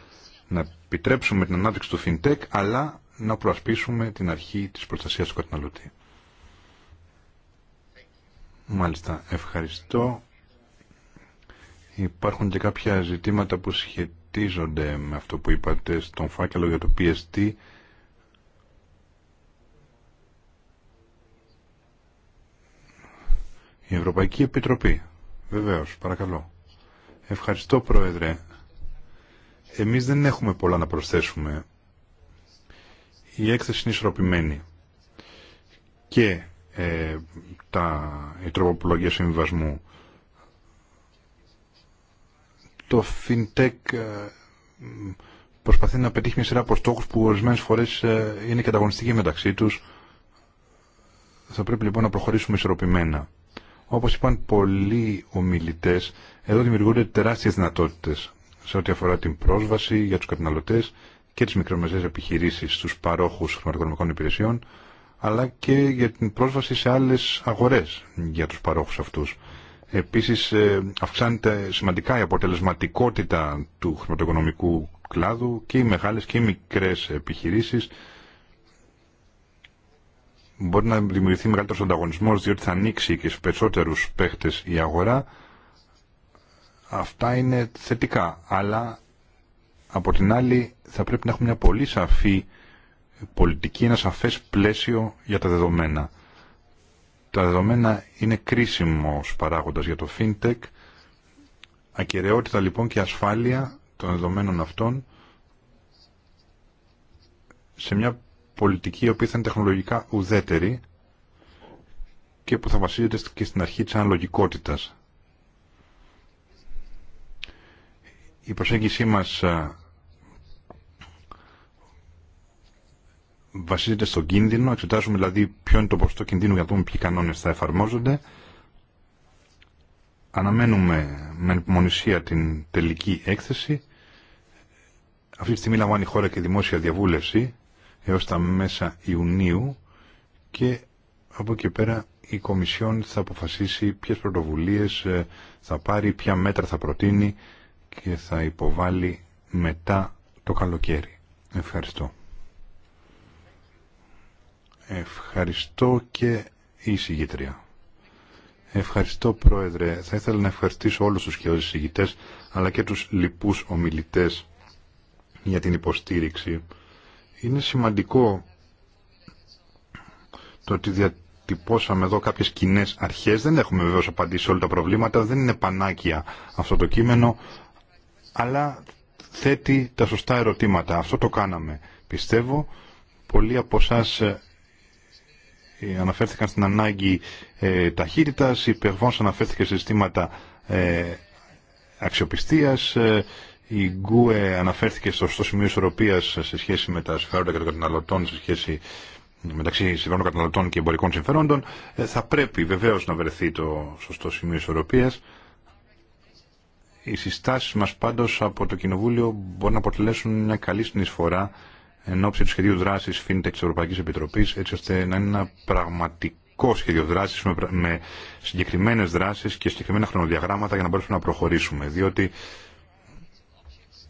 S3: Να επιτρέψουμε την ανάπτυξη του FinTech, αλλά να προασπίσουμε την αρχή της προστασίας του καταναλωτή. Μάλιστα, ευχαριστώ. Υπάρχουν και κάποια ζητήματα που σχετίζονται με αυτό που είπατε στον φάκελο για το PST. Η Ευρωπαϊκή Επιτροπή. βεβαίω, παρακαλώ. Ευχαριστώ, Πρόεδρε. Εμείς δεν έχουμε πολλά να προσθέσουμε. Η έκθεση είναι ισορροπημένη. Και ε, τα, η τροποπολογία συμβιβασμού. Το FinTech ε, προσπαθεί να πετύχει μια σειρά από στόχους που ορισμένες φορές ε, είναι καταγωνιστικοί μεταξύ τους. Θα πρέπει λοιπόν να προχωρήσουμε ισορροπημένα. Όπως είπαν πολλοί ομιλητές, εδώ δημιουργούνται τεράστιες δυνατότητες σε ό,τι αφορά την πρόσβαση για τους καταναλωτές και τις μικρομεσαίες επιχειρήσεις στους παρόχους χρηματοοικονομικών υπηρεσιών, αλλά και για την πρόσβαση σε άλλες αγορές για τους παρόχους αυτούς. Επίσης ε, αυξάνεται σημαντικά η αποτελεσματικότητα του χρηματοοικονομικού κλάδου και οι μεγάλες και οι μικρές επιχειρήσεις μπορεί να δημιουργηθεί μεγαλύτερο ανταγωνισμό διότι θα ανοίξει και στου περισσότερου παίχτε η αγορά. Αυτά είναι θετικά, αλλά από την άλλη θα πρέπει να έχουμε μια πολύ σαφή πολιτική, ένα σαφές πλαίσιο για τα δεδομένα. Τα δεδομένα είναι κρίσιμος παράγοντας για το FinTech. Ακαιρεότητα λοιπόν και ασφάλεια των δεδομένων αυτών σε μια πολιτική η οποία θα είναι τεχνολογικά ουδέτερη και που θα βασίζεται και στην αρχή της αναλογικότητας. Η προσέγγιση μας βασίζεται στον κίνδυνο, εξετάζουμε δηλαδή ποιο είναι το ποσοστό κινδύνου για να δούμε ποιοι κανόνες θα εφαρμόζονται. Αναμένουμε με ανυπομονησία την τελική έκθεση. Αυτή τη στιγμή λαμβάνει η χώρα και δημόσια διαβούλευση έως τα μέσα Ιουνίου και από εκεί πέρα η Κομισιόν θα αποφασίσει ποιες πρωτοβουλίες ε, θα πάρει, ποια μέτρα θα προτείνει και θα υποβάλει μετά το καλοκαίρι. Ευχαριστώ. Ευχαριστώ και η συγγήτρια. Ευχαριστώ Πρόεδρε. Θα ήθελα να ευχαριστήσω όλους τους και όλους αλλά και τους λοιπούς ομιλητές για την υποστήριξη είναι σημαντικό το ότι διατυπώσαμε εδώ κάποιες κοινέ αρχές. Δεν έχουμε βέβαια απαντήσει σε όλα τα προβλήματα, δεν είναι πανάκια αυτό το κείμενο, αλλά θέτει τα σωστά ερωτήματα. Αυτό το κάναμε. Πιστεύω, πολλοί από εσά ε, ε, αναφέρθηκαν στην ανάγκη ε, ταχύτητας, υπερβώς αναφέρθηκε σε συστήματα ε, αξιοπιστίας, η ΓΚΟΕ αναφέρθηκε στο σωστό σημείο ισορροπία σε σχέση με τα συμφέροντα και των καταναλωτών, σε σχέση μεταξύ συμφέροντων καταναλωτών και εμπορικών συμφερόντων. Ε, θα πρέπει βεβαίω να βρεθεί το σωστό σημείο ισορροπία. Οι συστάσει μα πάντω από το Κοινοβούλιο μπορούν να αποτελέσουν μια καλή συνεισφορά εν ώψη του σχεδίου δράση FinTech τη Ευρωπαϊκή Επιτροπή, έτσι ώστε να είναι ένα πραγματικό σχέδιο δράση με συγκεκριμένε δράσει και συγκεκριμένα χρονοδιαγράμματα για να μπορέσουμε να προχωρήσουμε. Διότι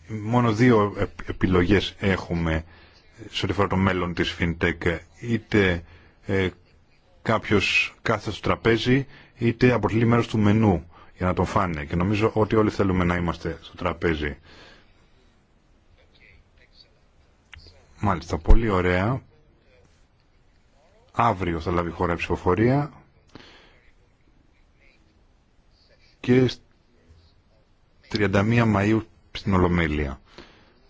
S3: μόνο δύο επιλογές έχουμε σε ό,τι αφορά το μέλλον της FinTech. Είτε ε, κάποιος κάθε στο τραπέζι, είτε αποτελεί μέρος του μενού για να τον φάνε. Και νομίζω ότι όλοι θέλουμε να είμαστε στο τραπέζι. Μάλιστα, πολύ ωραία. Αύριο θα λάβει χώρα ψηφοφορία και 31 Μαΐου στην Ολομέλεια.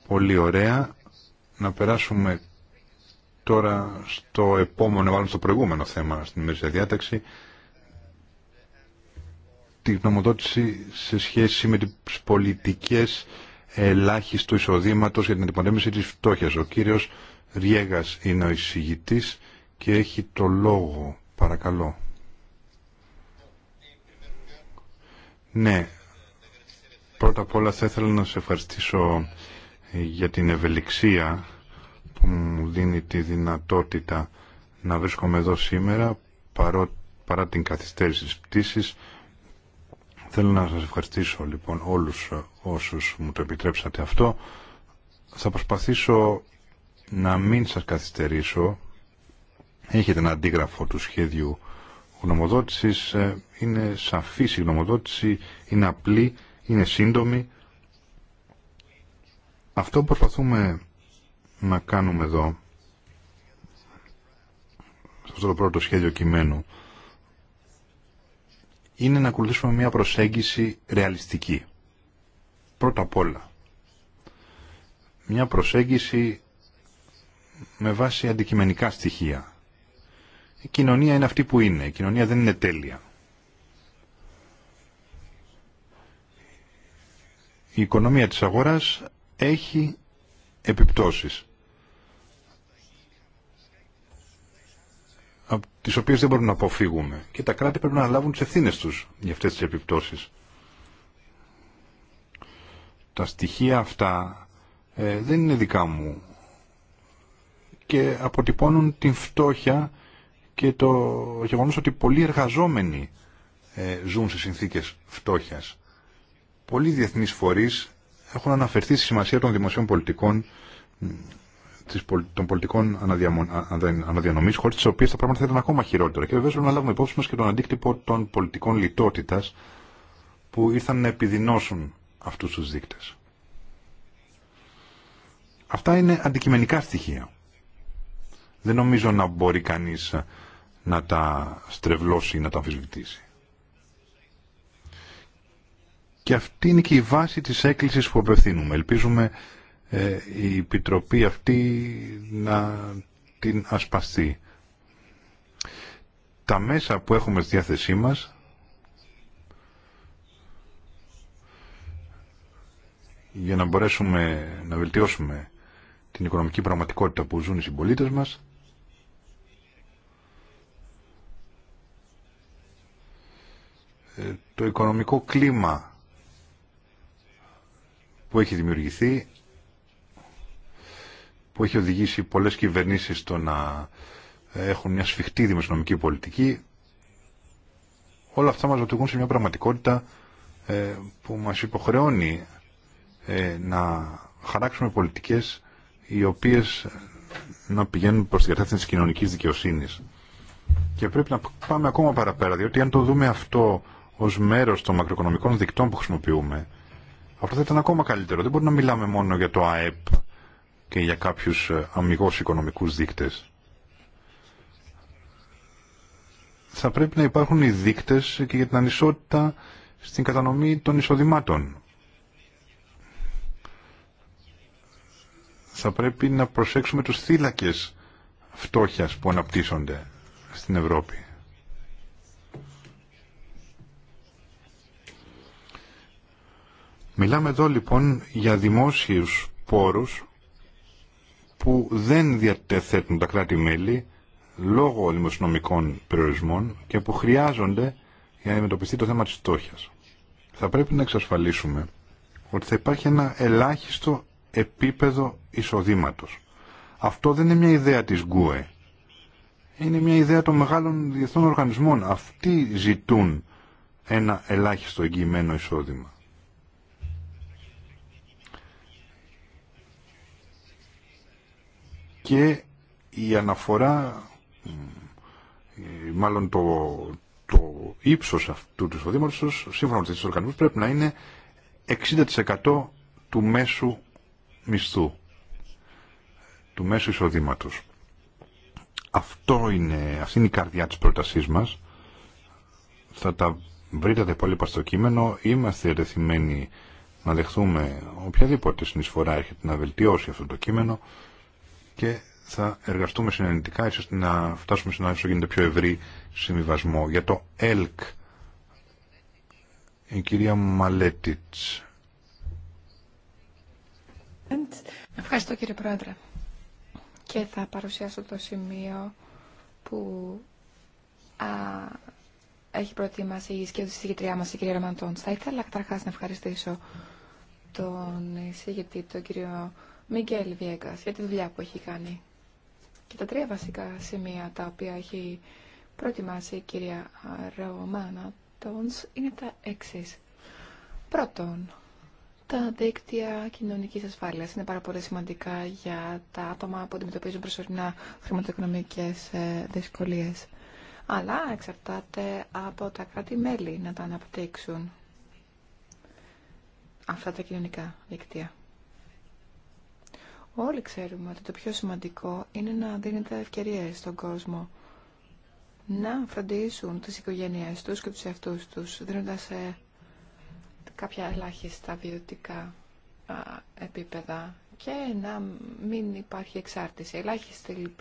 S3: Πολύ ωραία. Να περάσουμε τώρα στο επόμενο, μάλλον στο προηγούμενο θέμα στην ημερήσια διάταξη, τη γνωμοδότηση σε σχέση με τις πολιτικές ελάχιστου εισοδήματο για την αντιπολέμηση τη φτώχειας. Ο κύριος Ριέγας είναι ο εισηγητής και έχει το λόγο. Παρακαλώ. Ναι, Πρώτα απ' όλα θα ήθελα να σε ευχαριστήσω για την ευελιξία που μου δίνει τη δυνατότητα να βρίσκομαι εδώ σήμερα παρά την καθυστέρηση της πτήσης. Θέλω να σας ευχαριστήσω λοιπόν όλους όσους μου το επιτρέψατε αυτό. Θα προσπαθήσω να μην σας καθυστερήσω. Έχετε ένα αντίγραφο του σχέδιου γνωμοδότησης. Ε, είναι σαφής η γνωμοδότηση, είναι απλή είναι σύντομη. Αυτό που προσπαθούμε να κάνουμε εδώ, σε αυτό το πρώτο σχέδιο κειμένου, είναι να ακολουθήσουμε μια προσέγγιση ρεαλιστική. Πρώτα απ' όλα. Μια προσέγγιση με βάση αντικειμενικά στοιχεία. Η κοινωνία είναι αυτή που είναι. Η κοινωνία δεν είναι τέλεια. η οικονομία της αγοράς έχει επιπτώσεις τις οποίες δεν μπορούμε να αποφύγουμε και τα κράτη πρέπει να λάβουν τις ευθύνες τους για αυτές τις επιπτώσεις. Τα στοιχεία αυτά ε, δεν είναι δικά μου και αποτυπώνουν την φτώχεια και το γεγονός ότι πολλοί εργαζόμενοι ε, ζουν σε συνθήκες φτώχειας πολλοί διεθνείς φορείς έχουν αναφερθεί στη σημασία των δημοσίων πολιτικών των πολιτικών αναδιανομής χωρίς τις οποίες τα πράγματα θα ήταν ακόμα χειρότερα. Και βέβαια πρέπει να λάβουμε υπόψη μας και τον αντίκτυπο των πολιτικών λιτότητας που ήρθαν να επιδεινώσουν αυτούς τους δείκτες. Αυτά είναι αντικειμενικά στοιχεία. Δεν νομίζω να μπορεί κανείς να τα στρεβλώσει ή να τα αμφισβητήσει. Και αυτή είναι και η βάση της έκκλησης που απευθύνουμε. Ελπίζουμε ε, η επιτροπή αυτή να την ασπαστεί. Τα μέσα που έχουμε στη διάθεσή μας για να μπορέσουμε να βελτιώσουμε την οικονομική πραγματικότητα που ζουν οι συμπολίτες μας ε, το οικονομικό κλίμα που έχει δημιουργηθεί, που έχει οδηγήσει πολλές κυβερνήσεις στο να έχουν μια σφιχτή δημοσιονομική πολιτική, όλα αυτά μας οδηγούν σε μια πραγματικότητα ε, που μας υποχρεώνει ε, να χαράξουμε πολιτικές οι οποίες να πηγαίνουν προς την κατεύθυνση της κοινωνικής δικαιοσύνης. Και πρέπει να πάμε ακόμα παραπέρα, διότι αν το δούμε αυτό ως μέρος των μακροοικονομικών δικτών που χρησιμοποιούμε, αυτό θα ήταν ακόμα καλύτερο. Δεν μπορούμε να μιλάμε μόνο για το ΑΕΠ και για κάποιους ε, αμυγός οικονομικούς δείκτες. Θα πρέπει να υπάρχουν οι δείκτες και για την ανισότητα στην κατανομή των εισοδημάτων. Θα πρέπει να προσέξουμε τους θύλακες φτώχειας που αναπτύσσονται στην Ευρώπη. Μιλάμε εδώ λοιπόν για δημόσιους πόρους που δεν διατεθέτουν τα κράτη-μέλη λόγω δημοσιονομικών περιορισμών και που χρειάζονται για να αντιμετωπιστεί το θέμα της στόχιας. Θα πρέπει να εξασφαλίσουμε ότι θα υπάρχει ένα ελάχιστο επίπεδο εισοδήματος. Αυτό δεν είναι μια ιδέα της ΓΚΟΕ. Είναι μια ιδέα των μεγάλων διεθνών οργανισμών. Αυτοί ζητούν ένα ελάχιστο εγγυημένο εισόδημα. και η αναφορά, ε, μάλλον το, το ύψος αυτού του εισοδήματος, σύμφωνα με τις οργανισμούς, πρέπει να είναι 60% του μέσου μισθού, του μέσου εισοδήματος. Αυτό είναι, αυτή είναι η καρδιά της πρότασής μας. Θα τα βρείτε τα υπόλοιπα στο κείμενο. Είμαστε ερεθιμένοι να δεχθούμε οποιαδήποτε συνεισφορά έρχεται να βελτιώσει αυτό το κείμενο και θα εργαστούμε συνενετικά έτσι ώστε να φτάσουμε σε ένα όσο γίνεται πιο ευρύ συμβιβασμό. Για το ΕΛΚ, η κυρία Μαλέτιτς.
S1: Ευχαριστώ κύριε Πρόεδρε. Και θα παρουσιάσω το σημείο που α, έχει προετοιμάσει η σκέψη μας, η κυρία Ραμαντώντς. Θα ήθελα καταρχάς να ευχαριστήσω τον εισηγητή, τον κύριο Μικέλ Βιέγκας για τη δουλειά που έχει κάνει. Και τα τρία βασικά σημεία τα οποία έχει προετοιμάσει η κυρία Ρωμάνα Τόνς είναι τα εξή. Πρώτον, τα δίκτυα κοινωνικής ασφάλειας είναι πάρα πολύ σημαντικά για τα άτομα που αντιμετωπίζουν προσωρινά χρηματοοικονομικές ε, δυσκολίες. Αλλά εξαρτάται από τα κράτη-μέλη να τα αναπτύξουν αυτά τα κοινωνικά δίκτυα. Όλοι ξέρουμε ότι το πιο σημαντικό είναι να δίνετε ευκαιρίες στον κόσμο να φροντίσουν τις οικογένειές τους και τους εαυτούς τους, δίνοντας κάποια ελάχιστα βιωτικά επίπεδα και να μην υπάρχει εξάρτηση. Ελάχιστη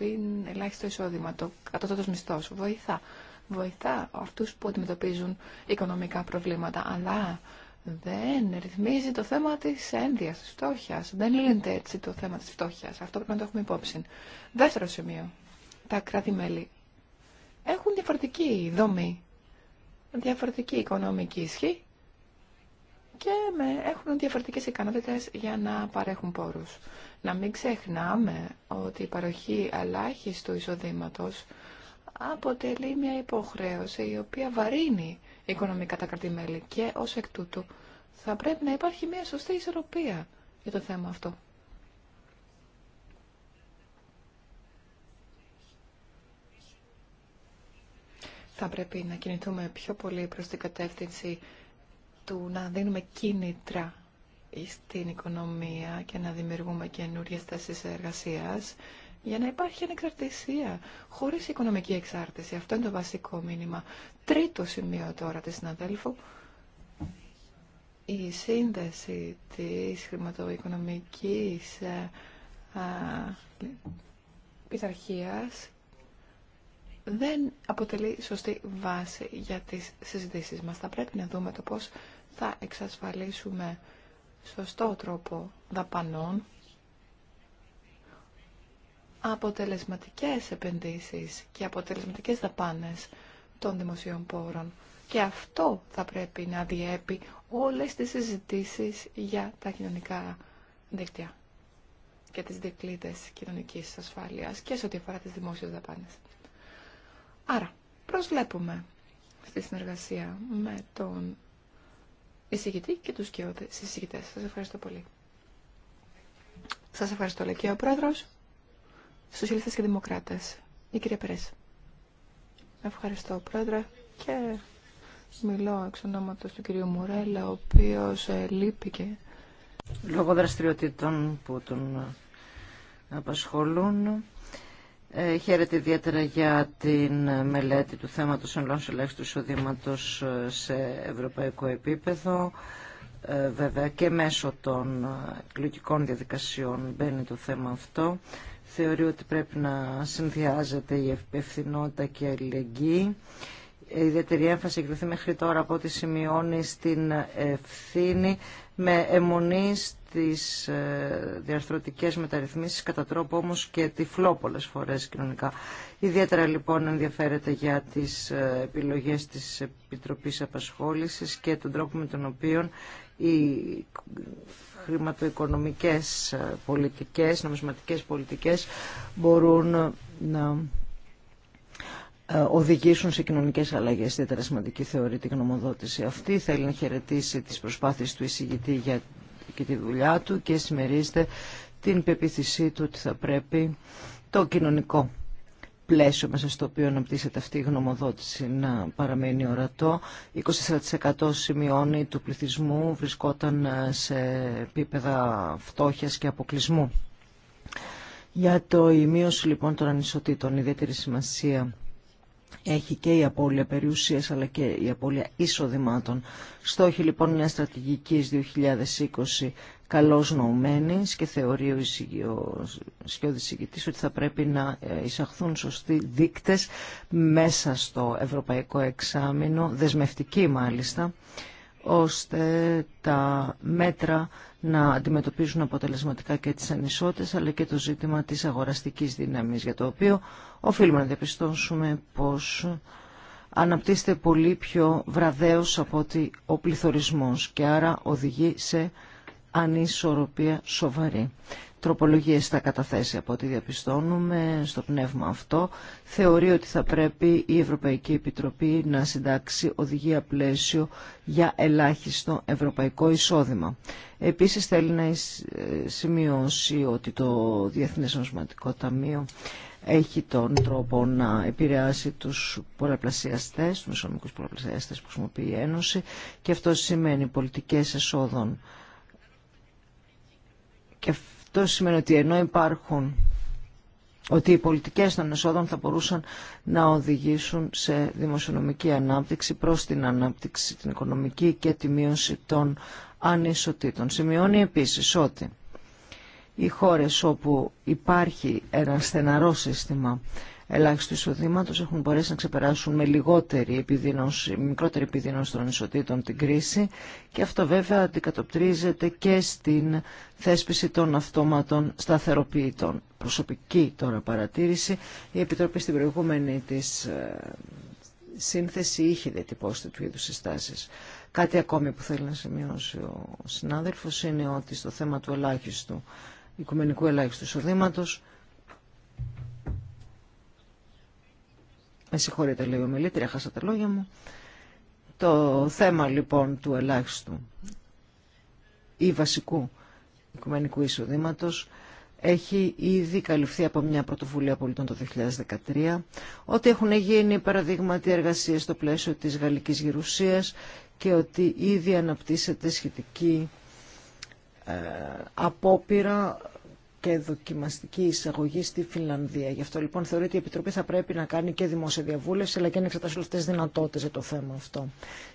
S1: ελάχιστο εισόδημα, το κατώτατος μισθός βοηθά. Βοηθά αυτούς που αντιμετωπίζουν οικονομικά προβλήματα, αλλά δεν ρυθμίζει το θέμα της ένδυας, της φτώχειας. Δεν λύνεται έτσι το θέμα της φτώχειας. Αυτό πρέπει να το έχουμε υπόψη. Δεύτερο σημείο. Τα κράτη-μέλη έχουν διαφορετική δομή, διαφορετική οικονομική ισχύ και με, έχουν διαφορετικές ικανότητες για να παρέχουν πόρους. Να μην ξεχνάμε ότι η παροχή ελάχιστου εισοδήματος αποτελεί μια υποχρέωση η οποία βαρύνει οικονομικά τα κρατημέλη. Και ως εκ τούτου θα πρέπει να υπάρχει μια σωστή ισορροπία για το θέμα αυτό. Θα πρέπει να κινηθούμε πιο πολύ προς την κατεύθυνση του να δίνουμε κίνητρα στην οικονομία και να δημιουργούμε καινούριες θέσεις εργασίας για να υπάρχει ανεξαρτησία, χωρίς οικονομική εξάρτηση. Αυτό είναι το βασικό μήνυμα. Τρίτο σημείο τώρα της συναδέλφου, η σύνδεση της χρηματοοικονομικής ε, πειθαρχίας δεν αποτελεί σωστή βάση για τις συζητήσεις μας. Θα πρέπει να δούμε το πώς θα εξασφαλίσουμε σωστό τρόπο δαπανών αποτελεσματικές επενδύσεις και αποτελεσματικές δαπάνες των δημοσίων πόρων. Και αυτό θα πρέπει να διέπει όλες τις συζητήσεις για τα κοινωνικά δίκτυα και τις δικλείδες κοινωνικής ασφάλειας και σε ό,τι αφορά τις δημόσιες δαπάνες. Άρα, προσβλέπουμε στη συνεργασία με τον εισηγητή και τους εισηγητές. Σας ευχαριστώ πολύ. Σας ευχαριστώ, λέει και ο Πρόεδρος. Σοσιαλιστές και Δημοκράτες. Η κυρία Περές. Ευχαριστώ, Πρόεδρε. Και μιλώ εξ ονόματος του κυρίου Μουρέλα, ο οποίος ε, λείπηκε.
S2: Λόγω δραστηριοτήτων που τον ε, απασχολούν. Ε, χαίρεται ιδιαίτερα για την ε, μελέτη του θέματος ενλώσεων ελέγχου του εισοδήματος ε, σε ευρωπαϊκό επίπεδο. βέβαια και μέσω των εκλογικών διαδικασιών μπαίνει το θέμα αυτό θεωρεί ότι πρέπει να συνδυάζεται η ευπευθυνότητα και η αλληλεγγύη ιδιαίτερη έμφαση εκδοθεί μέχρι τώρα από ό,τι σημειώνει στην ευθύνη με αιμονή στις ε, διαρθρωτικές μεταρρυθμίσεις κατά τρόπο όμως και τυφλό πολλές φορές κοινωνικά. Ιδιαίτερα λοιπόν ενδιαφέρεται για τις ε, επιλογές της Επιτροπής Απασχόλησης και τον τρόπο με τον οποίο οι χρηματοοικονομικές ε, πολιτικές, νομισματικές πολιτικές μπορούν να ε, οδηγήσουν σε κοινωνικές αλλαγές. Ιδιαίτερα σημαντική θεωρεί την γνωμοδότηση αυτή. Θέλει να χαιρετήσει τι προσπάθειες του εισηγητή για και τη δουλειά του και συμμερίζεται την πεποίθησή του ότι θα πρέπει το κοινωνικό πλαίσιο μέσα στο οποίο αναπτύσσεται αυτή η γνωμοδότηση να παραμένει ορατό. 24% σημειώνει του πληθυσμού βρισκόταν ε, σε επίπεδα φτώχειας και αποκλεισμού. Για το ημείωση λοιπόν των ανισοτήτων, ιδιαίτερη σημασία έχει και η απώλεια περιουσίας αλλά και η απώλεια εισοδημάτων. Στόχοι λοιπόν μια στρατηγικής 2020 καλώς νοουμένη και θεωρεί ο ισχυώδης ότι θα πρέπει να ε, εισαχθούν σωστοί δείκτε μέσα στο ευρωπαϊκό εξάμεινο, δεσμευτικοί μάλιστα, ώστε τα μέτρα να αντιμετωπίζουν αποτελεσματικά και τις ανισότητες αλλά και το ζήτημα της αγοραστικής δύναμης για το οποίο οφείλουμε να διαπιστώσουμε πως αναπτύσσεται πολύ πιο βραδέως από ότι ο πληθωρισμός και άρα οδηγεί σε ανισορροπία σοβαρή. Τροπολογίες θα καταθέσει από ό,τι διαπιστώνουμε στο πνεύμα αυτό. Θεωρεί ότι θα πρέπει η Ευρωπαϊκή Επιτροπή να συντάξει οδηγία πλαίσιο για ελάχιστο ευρωπαϊκό εισόδημα. Επίσης θέλει να ε, σημειώσει ότι το Διεθνές Ταμείο έχει τον τρόπο να επηρεάσει τους πολλαπλασιαστές, τους οικονομικούς πολλαπλασιαστές που χρησιμοποιεί η Ένωση και αυτό σημαίνει πολιτικές εσόδων. Και αυτό σημαίνει ότι ενώ υπάρχουν ότι οι πολιτικές των εσόδων θα μπορούσαν να οδηγήσουν σε δημοσιονομική ανάπτυξη προς την ανάπτυξη την οικονομική και τη μείωση των ανισοτήτων. Σημειώνει επίσης ότι οι χώρες όπου υπάρχει ένα στεναρό σύστημα ελάχιστου εισοδήματο έχουν μπορέσει να ξεπεράσουν με λιγότερη επιδείνωση, μικρότερη επιδείνωση των ισοτήτων την κρίση και αυτό βέβαια αντικατοπτρίζεται και στην θέσπιση των αυτόματων σταθεροποιητών. Προσωπική τώρα παρατήρηση, η Επιτροπή στην προηγούμενη της ε, σύνθεση είχε διατυπώσει τέτοιου είδου συστάσει. Κάτι ακόμη που θέλει να σημειώσει ο συνάδελφος είναι ότι στο θέμα του ελάχιστου οικουμενικού ελάχιστου εισοδήματο. Με συγχωρείτε λέει ο μιλήτρια, χάσα τα λόγια μου. Το θέμα λοιπόν του ελάχιστου ή βασικού οικουμενικού εισοδήματο έχει ήδη καλυφθεί από μια πρωτοβουλία πολιτών το 2013, ότι έχουν γίνει παραδείγματι εργασίες στο πλαίσιο της γαλλικής γερουσίας και ότι ήδη αναπτύσσεται σχετική ε, απόπειρα και δοκιμαστική εισαγωγή στη Φιλανδία. Γι' αυτό λοιπόν θεωρείται ότι η Επιτροπή θα πρέπει να κάνει και δημόσια διαβούλευση αλλά και να εξετάσει όλε τι δυνατότητε για το θέμα αυτό.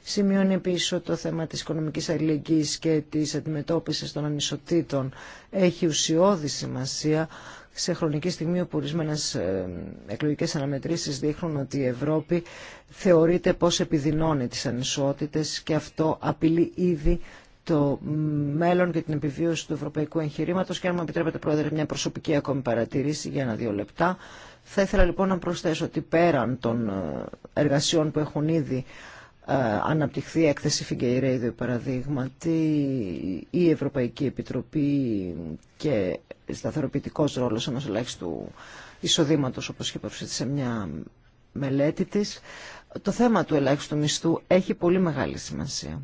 S2: Σημειώνει επίση ότι το θέμα τη οικονομική αλληλεγγύη και τη αντιμετώπιση των ανισοτήτων έχει ουσιώδη σημασία σε χρονική στιγμή όπου ορισμένε εκλογικέ αναμετρήσει δείχνουν ότι η Ευρώπη θεωρείται πω επιδεινώνει τι ανισότητε και αυτό απειλεί ήδη το μέλλον και την επιβίωση του ευρωπαϊκού εγχειρήματο. και αν μου επιτρέπετε πρόεδρε μια προσωπική ακόμη παρατηρήση για ένα-δύο λεπτά. Θα ήθελα λοιπόν να προσθέσω ότι πέραν των ε, εργασιών που έχουν ήδη ε, αναπτυχθεί η έκθεση Φιγκεϊρέιδου παραδείγματι η Ευρωπαϊκή Επιτροπή και σταθεροποιητικό ρόλο ενό ελάχιστου εισοδήματο, όπω είχε σε μια μελέτη της το θέμα του ελάχιστου μισθού έχει πολύ μεγάλη σημασία.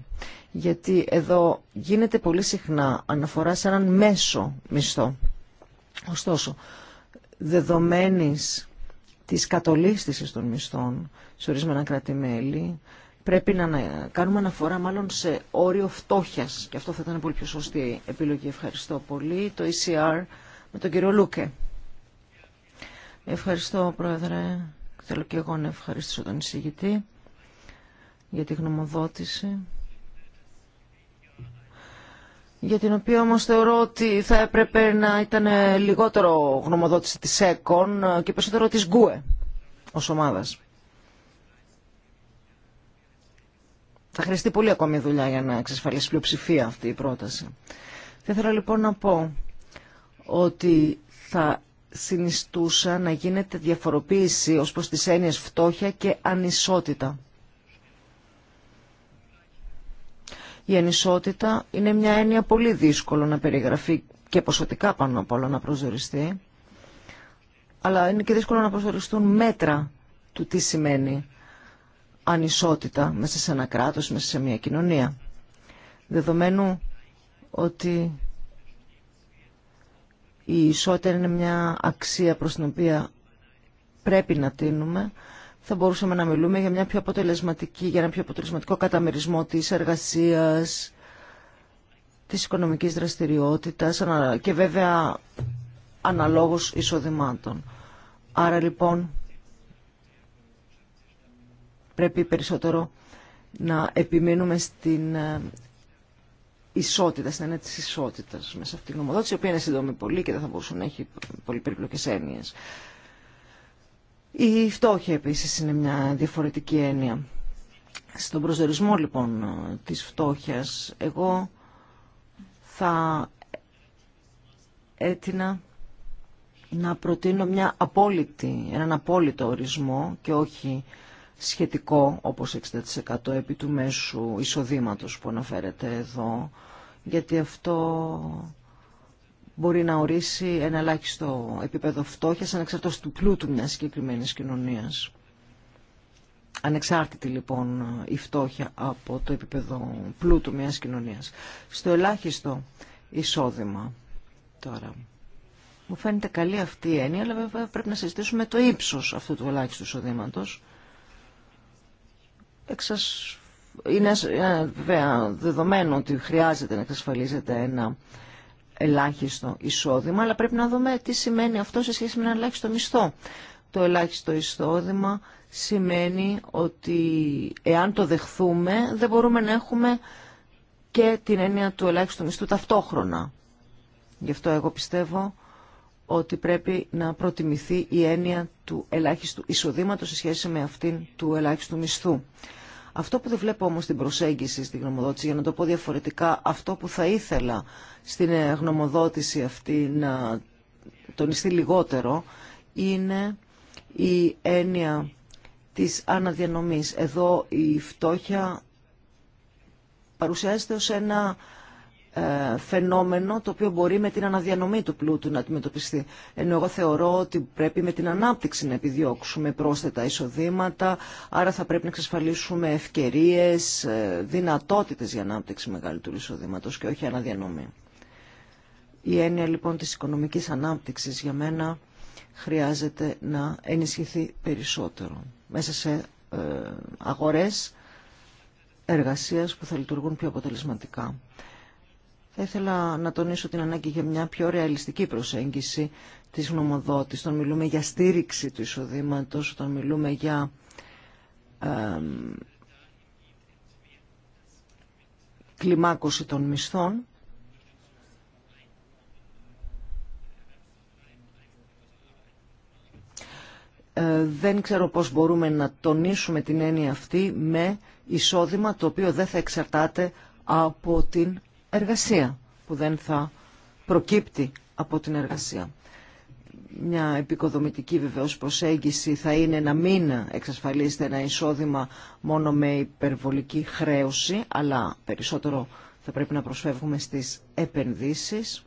S2: Γιατί εδώ γίνεται πολύ συχνά αναφορά σε έναν μέσο μισθό. Ωστόσο, δεδομένης της κατολίστησης των μισθών σε ορισμένα πρέπει να κάνουμε αναφορά μάλλον σε όριο φτώχειας. Και αυτό θα ήταν πολύ πιο σωστή επιλογή. Ευχαριστώ πολύ. Το ECR με τον κύριο Λούκε. Ευχαριστώ, Πρόεδρε. Θέλω και εγώ να ευχαριστήσω τον εισηγητή για τη γνωμοδότηση για την οποία όμως θεωρώ ότι θα έπρεπε να ήταν λιγότερο γνωμοδότηση της ΕΚΟΝ και περισσότερο της ΓΚΟΕ ως ομάδας. Θα χρειαστεί πολύ ακόμη δουλειά για να εξασφαλίσει πλειοψηφία αυτή η πρόταση. Θα ήθελα λοιπόν να πω ότι θα συνιστούσα να γίνεται διαφοροποίηση ως προς τις έννοιες φτώχεια και ανισότητα. Η ανισότητα είναι μια έννοια πολύ δύσκολο να περιγραφεί και ποσοτικά πάνω απ' όλα να προσδοριστεί, αλλά είναι και δύσκολο να προσδιοριστούν μέτρα του τι σημαίνει ανισότητα μέσα σε ένα κράτος, μέσα σε μια κοινωνία. Δεδομένου ότι η ισότητα είναι μια αξία προς την οποία πρέπει να τίνουμε, θα μπορούσαμε να μιλούμε για, μια πιο αποτελεσματική, για ένα πιο αποτελεσματικό καταμερισμό της εργασίας, της οικονομικής δραστηριότητας και βέβαια αναλόγως εισοδημάτων. Άρα λοιπόν πρέπει περισσότερο να επιμείνουμε στην ε, ισότητα, στην έννοια τη ισότητα μέσα αυτή την νομοδότηση, η οποία είναι σύντομη πολύ και δεν θα μπορούσε να έχει πολύ περιπλοκέ έννοιε. Η φτώχεια επίση είναι μια διαφορετική έννοια. Στον προσδιορισμό λοιπόν της φτώχειας, εγώ θα έτεινα να προτείνω μια απόλυτη, έναν απόλυτο ορισμό και όχι σχετικό, όπως 60% επί του μέσου εισοδήματος που αναφέρεται εδώ, γιατί αυτό μπορεί να ορίσει ένα ελάχιστο επίπεδο φτώχειας ανεξαρτός του πλούτου μιας συγκεκριμένη κοινωνίας. Ανεξάρτητη λοιπόν η φτώχεια από το επίπεδο πλούτου μιας κοινωνίας. Στο ελάχιστο εισόδημα τώρα. Μου φαίνεται καλή αυτή η έννοια, αλλά βέβαια πρέπει να συζητήσουμε το ύψος αυτού του ελάχιστου εισοδήματος εξασ είναι ε, βέβαια δεδομένο ότι χρειάζεται να εξασφαλίζεται ένα ελάχιστο εισόδημα, αλλά πρέπει να δούμε τι σημαίνει αυτό σε σχέση με ένα ελάχιστο μισθό. Το ελάχιστο εισόδημα σημαίνει ότι εάν το δεχθούμε δεν μπορούμε να έχουμε και την έννοια του ελάχιστου μισθού ταυτόχρονα. Γι' αυτό εγώ πιστεύω ότι πρέπει να προτιμηθεί η έννοια του ελάχιστου εισοδήματος σε σχέση με αυτήν του ελάχιστου μισθού. Αυτό που δεν βλέπω όμως στην προσέγγιση στην γνωμοδότηση, για να το πω διαφορετικά, αυτό που θα ήθελα στην ε, γνωμοδότηση αυτή να τονιστεί λιγότερο, είναι η έννοια της αναδιανομής. Εδώ η φτώχεια παρουσιάζεται ως ένα ε, φαινόμενο το οποίο μπορεί με την αναδιανομή του πλούτου να αντιμετωπιστεί. Ενώ εγώ θεωρώ ότι πρέπει με την ανάπτυξη να επιδιώξουμε πρόσθετα εισοδήματα, άρα θα πρέπει να εξασφαλίσουμε ευκαιρίες, ε, δυνατότητε για ανάπτυξη μεγαλύτερου εισοδήματο και όχι αναδιανομή. Η έννοια λοιπόν της οικονομική ανάπτυξη για μένα χρειάζεται να ενισχυθεί περισσότερο μέσα σε ε, αγορές εργασίας που θα λειτουργούν πιο αποτελεσματικά. Θα ήθελα να τονίσω την ανάγκη για μια πιο ρεαλιστική προσέγγιση της νομοδότης. Τον μιλούμε για στήριξη του εισοδήματος, τον μιλούμε για κλιμάκωση των μισθών, ε, δεν ξέρω πώς μπορούμε να τονίσουμε την έννοια αυτή με εισόδημα το οποίο δεν θα εξαρτάται από την εργασία, που δεν θα προκύπτει από την εργασία. Μια επικοδομητική βεβαίως προσέγγιση θα είναι να μην εξασφαλίσετε ένα εισόδημα μόνο με υπερβολική χρέωση, αλλά περισσότερο θα πρέπει να προσφεύγουμε στις επενδύσεις.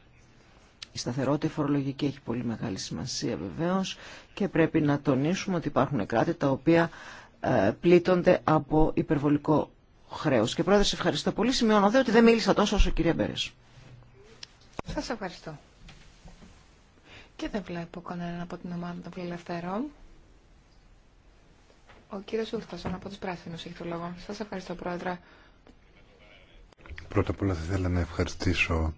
S2: Η σταθερότητα φορολογική έχει πολύ μεγάλη σημασία βεβαίως και πρέπει να τονίσουμε ότι υπάρχουν κράτη τα οποία ε, πλήττονται από υπερβολικό Χρέο Και πρόεδρε, ευχαριστώ πολύ. Σημειώνω δε ότι δεν μίλησα τόσο όσο η κυρία Μπέρε.
S1: Σα ευχαριστώ. Και δεν βλέπω κανέναν από την ομάδα των φιλελευθερών. Ο κύριο Ούρθασον από τους πράσινου, έχει το λόγο. Σα ευχαριστώ πρόεδρε.
S3: Πρώτα απ' όλα θα ήθελα να ευχαριστήσω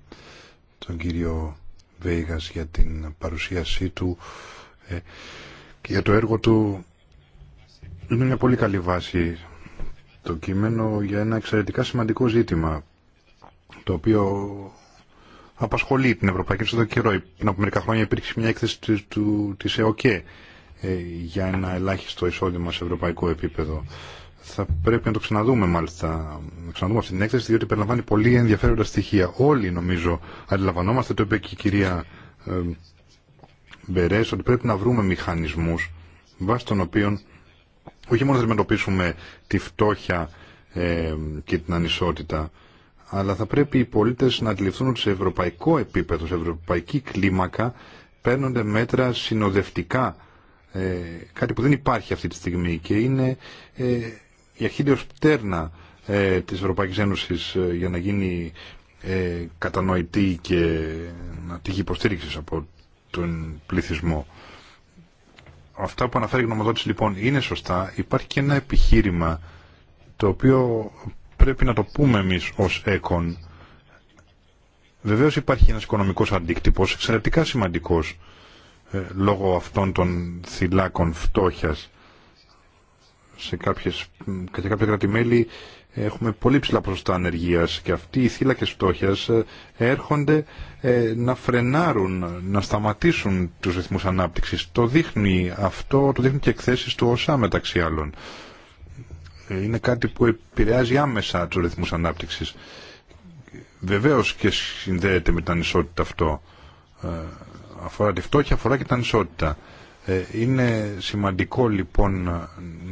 S3: τον κύριο Βέιγας για την παρουσίασή του ε, και για το έργο του. Είναι μια πολύ καλή βάση το κείμενο για ένα εξαιρετικά σημαντικό ζήτημα το οποίο απασχολεί την Ευρωπαϊκή Ένωση εδώ καιρό. Πριν από μερικά χρόνια υπήρξε μια έκθεση της, ΕΟΚΕ ε, για ένα ελάχιστο εισόδημα σε ευρωπαϊκό επίπεδο. Θα πρέπει να το ξαναδούμε μάλιστα, να ξαναδούμε αυτή την έκθεση, διότι περιλαμβάνει πολύ ενδιαφέροντα στοιχεία. Όλοι νομίζω αντιλαμβανόμαστε, το είπε και η κυρία ε, ότι πρέπει να βρούμε μηχανισμού βάσει των οποίων όχι μόνο θα αντιμετωπίσουμε τη φτώχεια και την ανισότητα, αλλά θα πρέπει οι πολίτες να αντιληφθούν ότι σε ευρωπαϊκό επίπεδο, σε ευρωπαϊκή κλίμακα, παίρνονται μέτρα συνοδευτικά, ε, κάτι που δεν υπάρχει αυτή τη στιγμή και είναι ε, η αρχή πτέρνα ε, της Ευρωπαϊκής Ένωσης ε, για να γίνει κατανοητή και να τύχει υποστήριξη από τον πληθυσμό αυτά που αναφέρει η γνωμοδότηση λοιπόν είναι σωστά. Υπάρχει και ένα επιχείρημα το οποίο πρέπει να το πούμε εμείς ως ΕΚΟΝ. Βεβαίως υπάρχει ένας οικονομικός αντίκτυπος, εξαιρετικά σημαντικός, ε, λόγω αυτών των θυλάκων φτώχειας. Σε, κάποιες, σε κάποια κρατημέλη Έχουμε πολύ ψηλά ποσοστά ανεργία και αυτοί οι θύλακε φτώχεια ε, έρχονται ε, να φρενάρουν, να σταματήσουν τους ρυθμού ανάπτυξη. Το δείχνει αυτό, το δείχνουν και εκθέσει του ΩΣΑ μεταξύ άλλων. Ε, είναι κάτι που επηρεάζει άμεσα του ρυθμού ανάπτυξη. Βεβαίω και συνδέεται με την ανισότητα αυτό. Αφορά τη φτώχεια, αφορά και την ανισότητα. Ε, είναι σημαντικό λοιπόν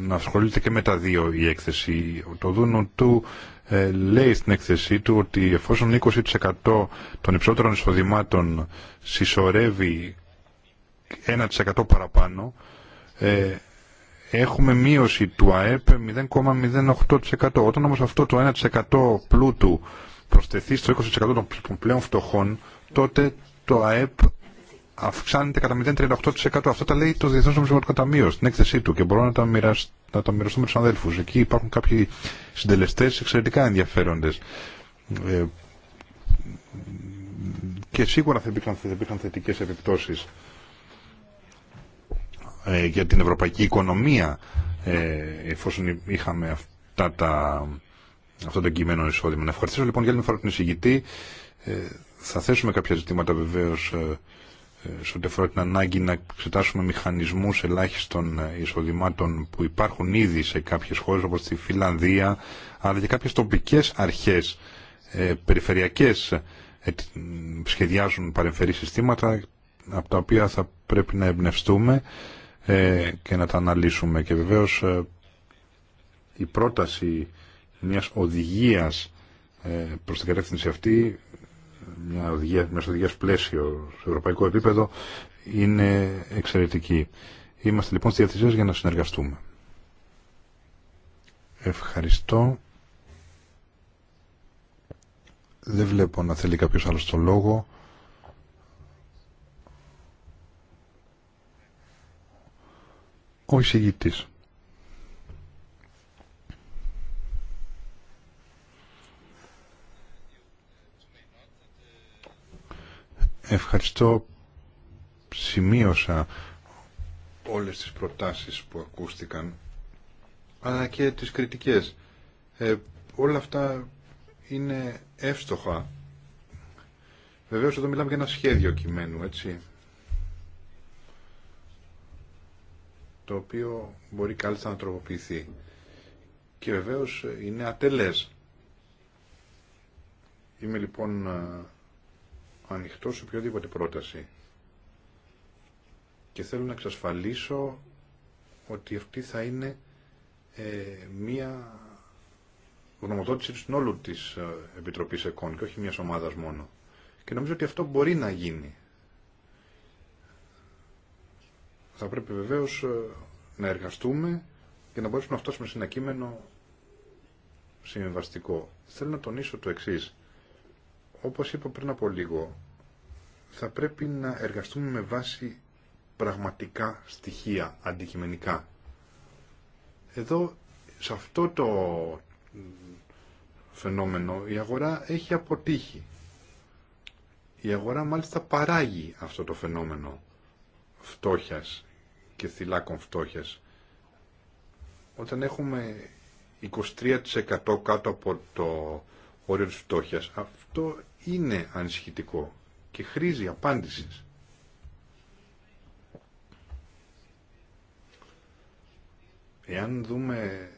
S3: να ασχολείται και με τα δύο η έκθεση. Το Δούνο του ε, λέει στην έκθεσή του ότι εφόσον 20% των υψότερων εισοδημάτων συσσωρεύει 1% παραπάνω, ε, έχουμε μείωση του ΑΕΠ 0,08%. Όταν όμως αυτό το 1% πλούτου προσθεθεί στο 20% των πλέον φτωχών, τότε το ΑΕΠ αυξάνεται κατά 0,38%. Αυτό τα λέει το Διεθνές Νομισματικό Ταμείο στην έκθεσή του και μπορώ να τα, μοιρασ... να τα μοιραστώ με τους αδέλφους. Εκεί υπάρχουν κάποιοι συντελεστές εξαιρετικά ενδιαφέροντες. Ε, και σίγουρα θα υπήρχαν, θα υπήρχαν θετικές επιπτώσεις ε, για την ευρωπαϊκή οικονομία ε, εφόσον είχαμε αυτά τα, αυτό το κειμένο εισόδημα. Να ευχαριστήσω λοιπόν για την φορά του εισηγητή. Ε, θα θέσουμε κάποια ζητήματα βεβαίως ε, σε ό,τι αφορά την ανάγκη να εξετάσουμε μηχανισμούς ελάχιστων ε, εισοδημάτων που υπάρχουν ήδη σε κάποιες χώρες όπως τη Φιλανδία αλλά και κάποιες τοπικές αρχές ε, περιφερειακές ε, ε, σχεδιάζουν παρεμφερή συστήματα από τα οποία θα πρέπει να εμπνευστούμε ε, και να τα αναλύσουμε και βεβαίως η πρόταση μιας οδηγίας προς την κατεύθυνση αυτή μια οδηγία, πλαίσιο σε ευρωπαϊκό επίπεδο είναι εξαιρετική. Είμαστε λοιπόν στη διαθεσία για να συνεργαστούμε. Ευχαριστώ. Δεν βλέπω να θέλει κάποιος άλλος το λόγο. Ο εισηγητής. Ευχαριστώ. Σημείωσα όλες τις προτάσεις που ακούστηκαν, αλλά και τις κριτικές. Ε, όλα αυτά είναι εύστοχα. Βεβαίως εδώ μιλάμε για ένα σχέδιο κειμένου, έτσι. Το οποίο μπορεί κάλλιστα να τροποποιηθεί. Και βεβαίως είναι ατελές. Είμαι λοιπόν ανοιχτός σε οποιαδήποτε πρόταση. Και θέλω να εξασφαλίσω ότι αυτή θα είναι ε, μία γνωμοδότηση του συνόλου της ε, Επιτροπής ΕΚΟΝ και όχι μια ομάδα μόνο. Και νομίζω ότι αυτό μπορεί να γίνει. Θα πρέπει βεβαίως ε, να εργαστούμε και να μπορέσουμε να φτάσουμε σε ένα κείμενο Θέλω να τονίσω το εξής. Όπως είπα πριν από λίγο, θα πρέπει να εργαστούμε με βάση πραγματικά στοιχεία, αντικειμενικά. Εδώ, σε αυτό το φαινόμενο, η αγορά έχει αποτύχει. Η αγορά μάλιστα παράγει αυτό το φαινόμενο φτώχειας και θυλάκων φτώχειας. Όταν έχουμε 23% κάτω από το όριο της φτώχειας, αυτό είναι ανησυχητικό και χρήζει απάντησης. Εάν δούμε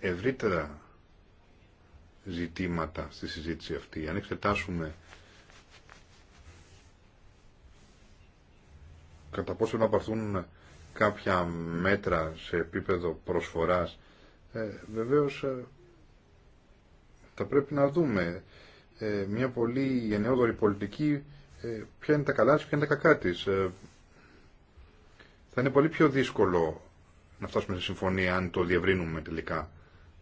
S3: ευρύτερα ζητήματα στη συζήτηση αυτή, αν εξετάσουμε κατά πόσο να παρθούν κάποια μέτρα σε επίπεδο προσφοράς, ε, βεβαίως ε, θα πρέπει να δούμε ε, μια πολύ γενναιόδορη πολιτική, ε, ποια είναι τα καλά της, ποια είναι τα κακά της. Ε, θα είναι πολύ πιο δύσκολο να φτάσουμε σε συμφωνία αν το διευρύνουμε τελικά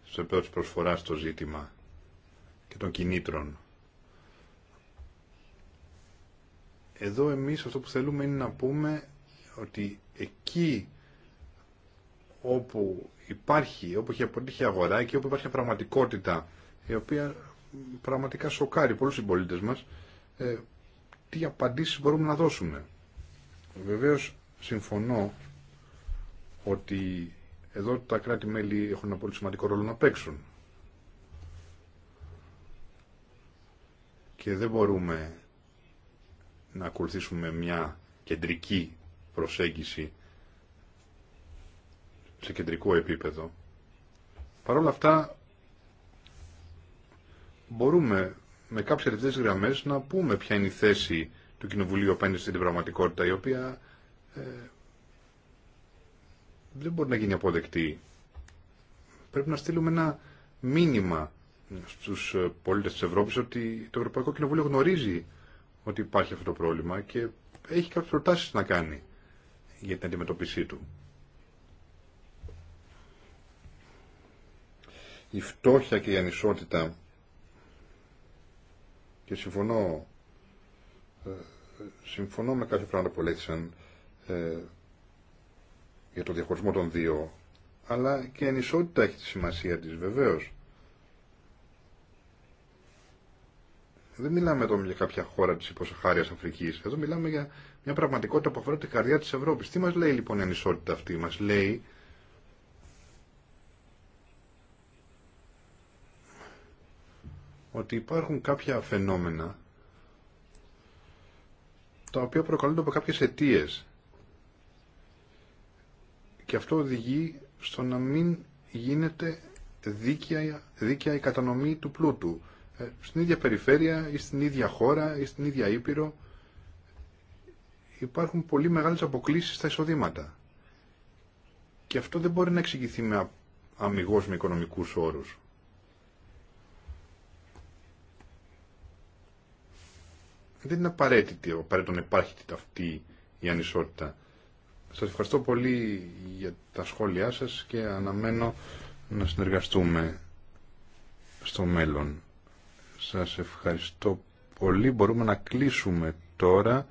S3: στο επίπεδο της προσφοράς το ζήτημα και των κινήτρων. Εδώ εμείς αυτό που θέλουμε είναι να πούμε ότι εκεί όπου υπάρχει, όπου έχει αποτύχει αγορά, εκεί όπου υπάρχει μια πραγματικότητα η οποία πραγματικά σοκάρει πολλούς συμπολίτε μας ε, τι απαντήσεις μπορούμε να δώσουμε. Βεβαίως συμφωνώ ότι εδώ τα κράτη-μέλη έχουν ένα πολύ σημαντικό ρόλο να παίξουν. Και δεν μπορούμε να ακολουθήσουμε μια κεντρική προσέγγιση σε κεντρικό επίπεδο. Παρ' αυτά μπορούμε με κάποιες ελευθερές γραμμές να πούμε ποια είναι η θέση του Κοινοβουλίου απέναντι στην πραγματικότητα, η οποία ε, δεν μπορεί να γίνει αποδεκτή. Πρέπει να στείλουμε ένα μήνυμα στους ε, πολίτες της Ευρώπης ότι το Ευρωπαϊκό Κοινοβούλιο γνωρίζει ότι υπάρχει αυτό το πρόβλημα και έχει κάποιες προτάσεις να κάνει για την αντιμετωπίσή του. Η φτώχεια και η ανισότητα και συμφωνώ, ε, συμφωνώ με κάποια πράγματα που λέξαν ε, για το διαχωρισμό των δύο, αλλά και η ανισότητα έχει τη σημασία της βεβαίως. Δεν μιλάμε εδώ για κάποια χώρα της υποσαχάριας Αφρικής. Εδώ μιλάμε για μια πραγματικότητα που αφορά την καρδιά της Ευρώπης. Τι μας λέει λοιπόν η ανισότητα αυτή. Μας λέει ότι υπάρχουν κάποια φαινόμενα τα οποία προκαλούνται από κάποιες αιτίε. Και αυτό οδηγεί στο να μην γίνεται δίκαια, δίκαια η κατανομή του πλούτου. Ε, στην ίδια περιφέρεια ή στην ίδια χώρα ή στην ίδια ήπειρο υπάρχουν πολύ μεγάλες αποκλήσεις στα εισοδήματα. Και αυτό δεν μπορεί να εξηγηθεί με αμυγός με οικονομικούς όρους. δεν είναι απαραίτητη, απαραίτητο να υπάρχει αυτή η ανισότητα. Σα ευχαριστώ πολύ για τα σχόλιά σα και αναμένω να συνεργαστούμε στο μέλλον. Σα ευχαριστώ πολύ. Μπορούμε να κλείσουμε τώρα.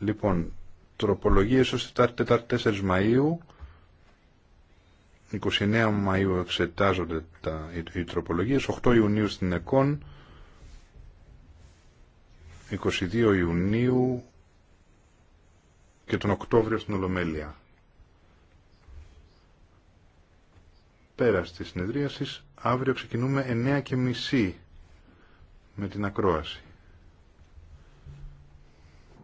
S3: Λοιπόν, τροπολογίες ως 4 Μαου. 29 Μαου εξετάζονται τα, οι, οι 8 Ιουνίου στην ΕΚΟΝ. 22 Ιουνίου και τον Οκτώβριο στην Ολομέλεια. Πέρας τη συνεδρίαση, αύριο ξεκινούμε 9.30 με την ακρόαση.